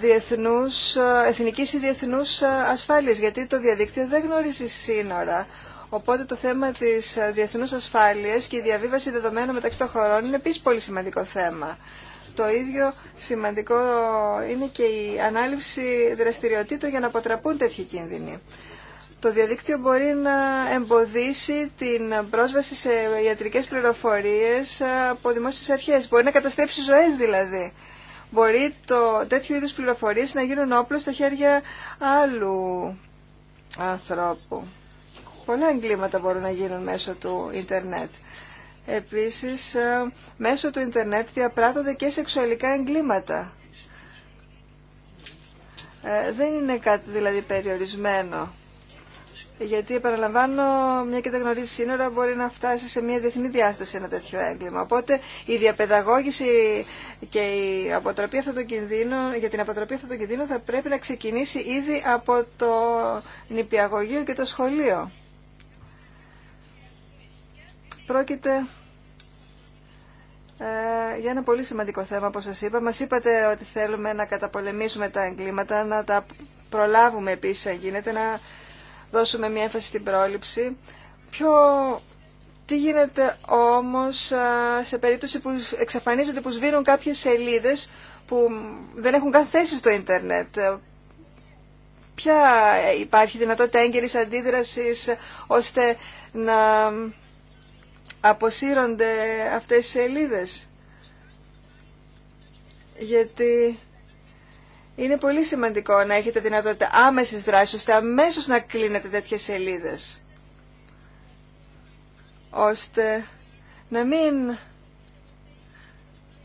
S1: διεθνούς, εθνικής ή διεθνούς ασφάλειας, γιατί το διαδίκτυο δεν γνωρίζει σύνορα. Οπότε το θέμα της ε, διεθνούς ασφάλειας και η διαβίβαση δεδομένων μεταξύ των χωρών είναι επίσης πολύ σημαντικό θέμα. Το ίδιο σημαντικό είναι και η ανάληψη δραστηριοτήτων για να αποτραπούν τέτοιοι κίνδυνοι. Το διαδίκτυο μπορεί να εμποδίσει την πρόσβαση σε ιατρικές πληροφορίες ε, από δημόσιες αρχές. Μπορεί να καταστρέψει ζωές δηλαδή. Μπορεί το, τέτοιου είδους πληροφορίες να γίνουν όπλο στα χέρια άλλου ανθρώπου πολλά εγκλήματα μπορούν να γίνουν μέσω του ίντερνετ. Επίσης, ε, μέσω του ίντερνετ διαπράττονται και σεξουαλικά εγκλήματα. Ε, δεν είναι κάτι δηλαδή περιορισμένο. Γιατί, επαναλαμβάνω, μια και τα γνωρίζει σύνορα μπορεί να φτάσει σε μια διεθνή διάσταση ένα τέτοιο έγκλημα. Οπότε η διαπαιδαγώγηση και η αποτροπή αυτών για την αποτροπή αυτών των κινδύνων θα πρέπει να ξεκινήσει ήδη από το νηπιαγωγείο και το σχολείο. Πρόκειται ε, για ένα πολύ σημαντικό θέμα, όπως σας είπα. Μας είπατε ότι θέλουμε να καταπολεμήσουμε τα εγκλήματα, να τα προλάβουμε επίσης αν γίνεται, να δώσουμε μια έμφαση στην πρόληψη. Πιο... Τι γίνεται όμως ε, σε περίπτωση που εξαφανίζονται, που σβήνουν κάποιες σελίδες που δεν έχουν καν θέση στο ίντερνετ. Ε, ποια υπάρχει δυνατότητα έγκαιρης αντίδρασης ώστε να αποσύρονται αυτές οι σελίδες. Γιατί είναι πολύ σημαντικό να έχετε δυνατότητα άμεσης δράσης, ώστε αμέσως να κλείνετε τέτοιες σελίδες. Ώστε να μην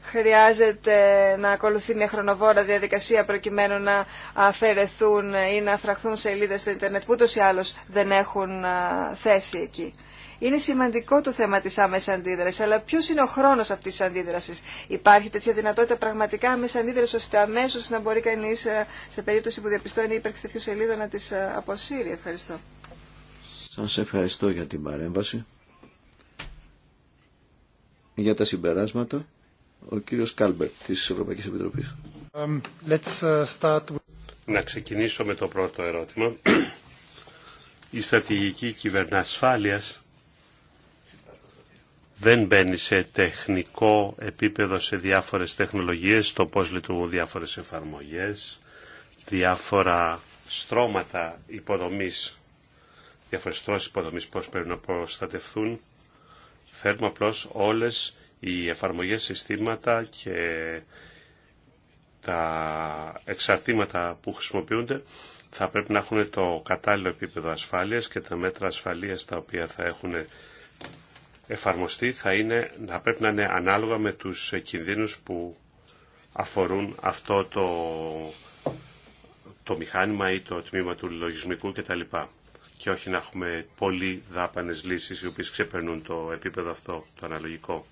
S1: χρειάζεται να ακολουθεί μια χρονοβόρα διαδικασία προκειμένου να αφαιρεθούν ή να φραχθούν σελίδες στο ίντερνετ που ούτως ή δεν έχουν θέση εκεί. Είναι σημαντικό το θέμα τη άμεση αντίδραση, αλλά ποιο είναι ο χρόνο αυτή τη αντίδραση Υπάρχει τέτοια δυνατότητα πραγματικά άμεση αντίδραση, ώστε αμέσω να μπορεί κανεί ε, σε περίπτωση που διαπιστώνει ύπαρξη τέτοιου σελίδα να τι ε, αποσύρει. Ευχαριστώ.
S2: Σα ευχαριστώ για την παρέμβαση. Για τα συμπεράσματα, ο κύριος Κάλμπερ της Ευρωπαϊκής Επιτροπής.
S3: Um, uh, Να ξεκινήσω με το πρώτο ερώτημα. Η στρατηγική κυβερνασφάλειας δεν μπαίνει σε τεχνικό επίπεδο σε διάφορες τεχνολογίες, το πώς λειτουργούν διάφορες εφαρμογές, διάφορα στρώματα υποδομής, διάφορες στρώσεις υποδομής πώς πρέπει να προστατευθούν. Θέλουμε απλώς όλες οι εφαρμογές συστήματα και τα εξαρτήματα που χρησιμοποιούνται θα πρέπει να έχουν το κατάλληλο επίπεδο ασφάλειας και τα μέτρα ασφαλείας τα οποία θα έχουν εφαρμοστεί θα, είναι, να πρέπει να είναι ανάλογα με τους κινδύνους που αφορούν αυτό το, το μηχάνημα ή το τμήμα του λογισμικού κτλ. Και όχι να έχουμε πολύ δάπανες λύσεις οι οποίες ξεπερνούν το επίπεδο αυτό, το αναλογικό.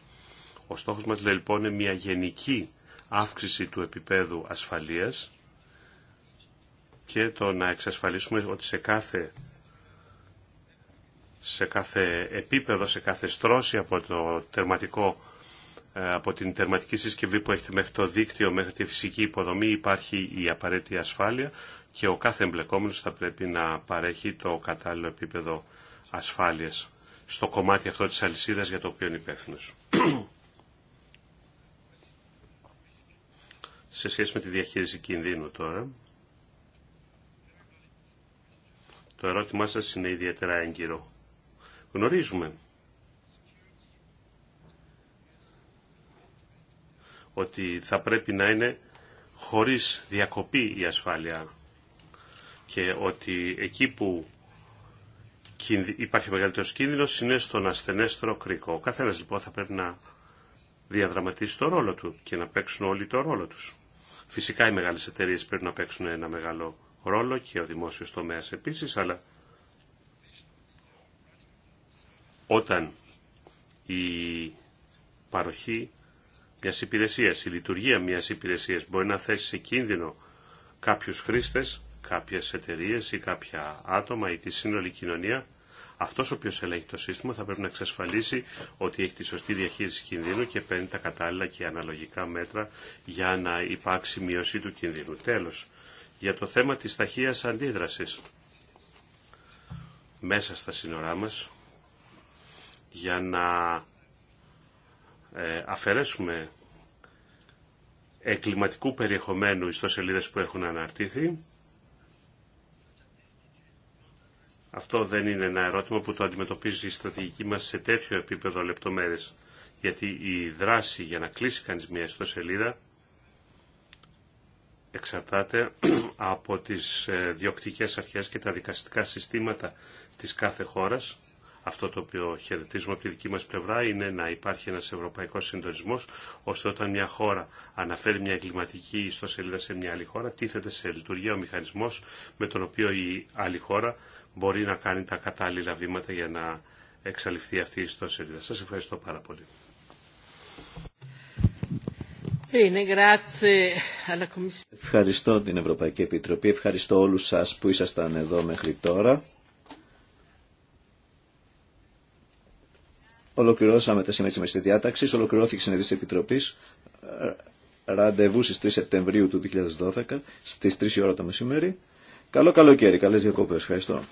S3: Ο στόχος μας λοιπόν είναι μια γενική αύξηση του επίπεδου ασφαλείας και το να εξασφαλίσουμε ότι σε κάθε σε κάθε επίπεδο, σε κάθε στρώση από, το τερματικό, ε, από την τερματική συσκευή που έχετε μέχρι το δίκτυο, μέχρι τη φυσική υποδομή υπάρχει η απαραίτητη ασφάλεια και ο κάθε εμπλεκόμενος θα πρέπει να παρέχει το κατάλληλο επίπεδο ασφάλειας στο κομμάτι αυτό της αλυσίδας για το οποίο είναι υπεύθυνο. σε σχέση με τη διαχείριση κινδύνου τώρα, το ερώτημά σας είναι ιδιαίτερα έγκυρο. Γνωρίζουμε ότι θα πρέπει να είναι χωρίς διακοπή η ασφάλεια και ότι εκεί που υπάρχει μεγαλύτερος κίνδυνος είναι στον ασθενέστερο κρίκο. Ο καθένας λοιπόν θα πρέπει να διαδραματίσει το ρόλο του και να παίξουν όλοι το ρόλο τους. Φυσικά οι μεγάλες εταιρείε πρέπει να παίξουν ένα μεγάλο ρόλο και ο δημόσιος τομέας επίσης, αλλά όταν η παροχή μιας υπηρεσίας, η λειτουργία μιας υπηρεσίας μπορεί να θέσει σε κίνδυνο κάποιους χρήστες, κάποιες εταιρείες ή κάποια άτομα ή τη σύνολη κοινωνία, αυτός ο οποίος ελέγχει το σύστημα θα πρέπει να εξασφαλίσει ότι έχει τη σωστή διαχείριση κινδύνου και παίρνει τα κατάλληλα και αναλογικά μέτρα για να υπάρξει μείωση του κινδύνου. Τέλος, για το θέμα της ταχείας αντίδρασης μέσα στα σύνορά μας, για να ε, αφαιρέσουμε εκκληματικού περιεχομένου ιστοσελίδες που έχουν αναρτήθει. Αυτό δεν είναι ένα ερώτημα που το αντιμετωπίζει η στρατηγική μας σε τέτοιο επίπεδο λεπτομέρειες. Γιατί η δράση για να κλείσει κανείς μια ιστοσελίδα εξαρτάται από τις ε, διοκτικές αρχές και τα δικαστικά συστήματα της κάθε χώρας αυτό το οποίο χαιρετίζουμε από τη δική μας πλευρά είναι να υπάρχει ένας ευρωπαϊκός συντονισμός, ώστε όταν μια χώρα αναφέρει μια εγκληματική ιστοσελίδα σε μια άλλη χώρα, τίθεται σε λειτουργία ο μηχανισμός με τον οποίο η άλλη χώρα μπορεί να κάνει τα κατάλληλα βήματα για να εξαλειφθεί αυτή η ιστοσελίδα. Σας ευχαριστώ πάρα πολύ.
S2: Ευχαριστώ την Ευρωπαϊκή Επιτροπή, ευχαριστώ όλους σας που ήσασταν εδώ μέχρι τώρα. Ολοκληρώσαμε τα σημεία της στη διάταξη, ολοκληρώθηκε η συνεδρία της Επιτροπής, ε, ραντεβού στις 3 Σεπτεμβρίου του 2012, στις 3 η ώρα το μεσημέρι. Καλό καλοκαίρι, καλές διακόπες, ευχαριστώ.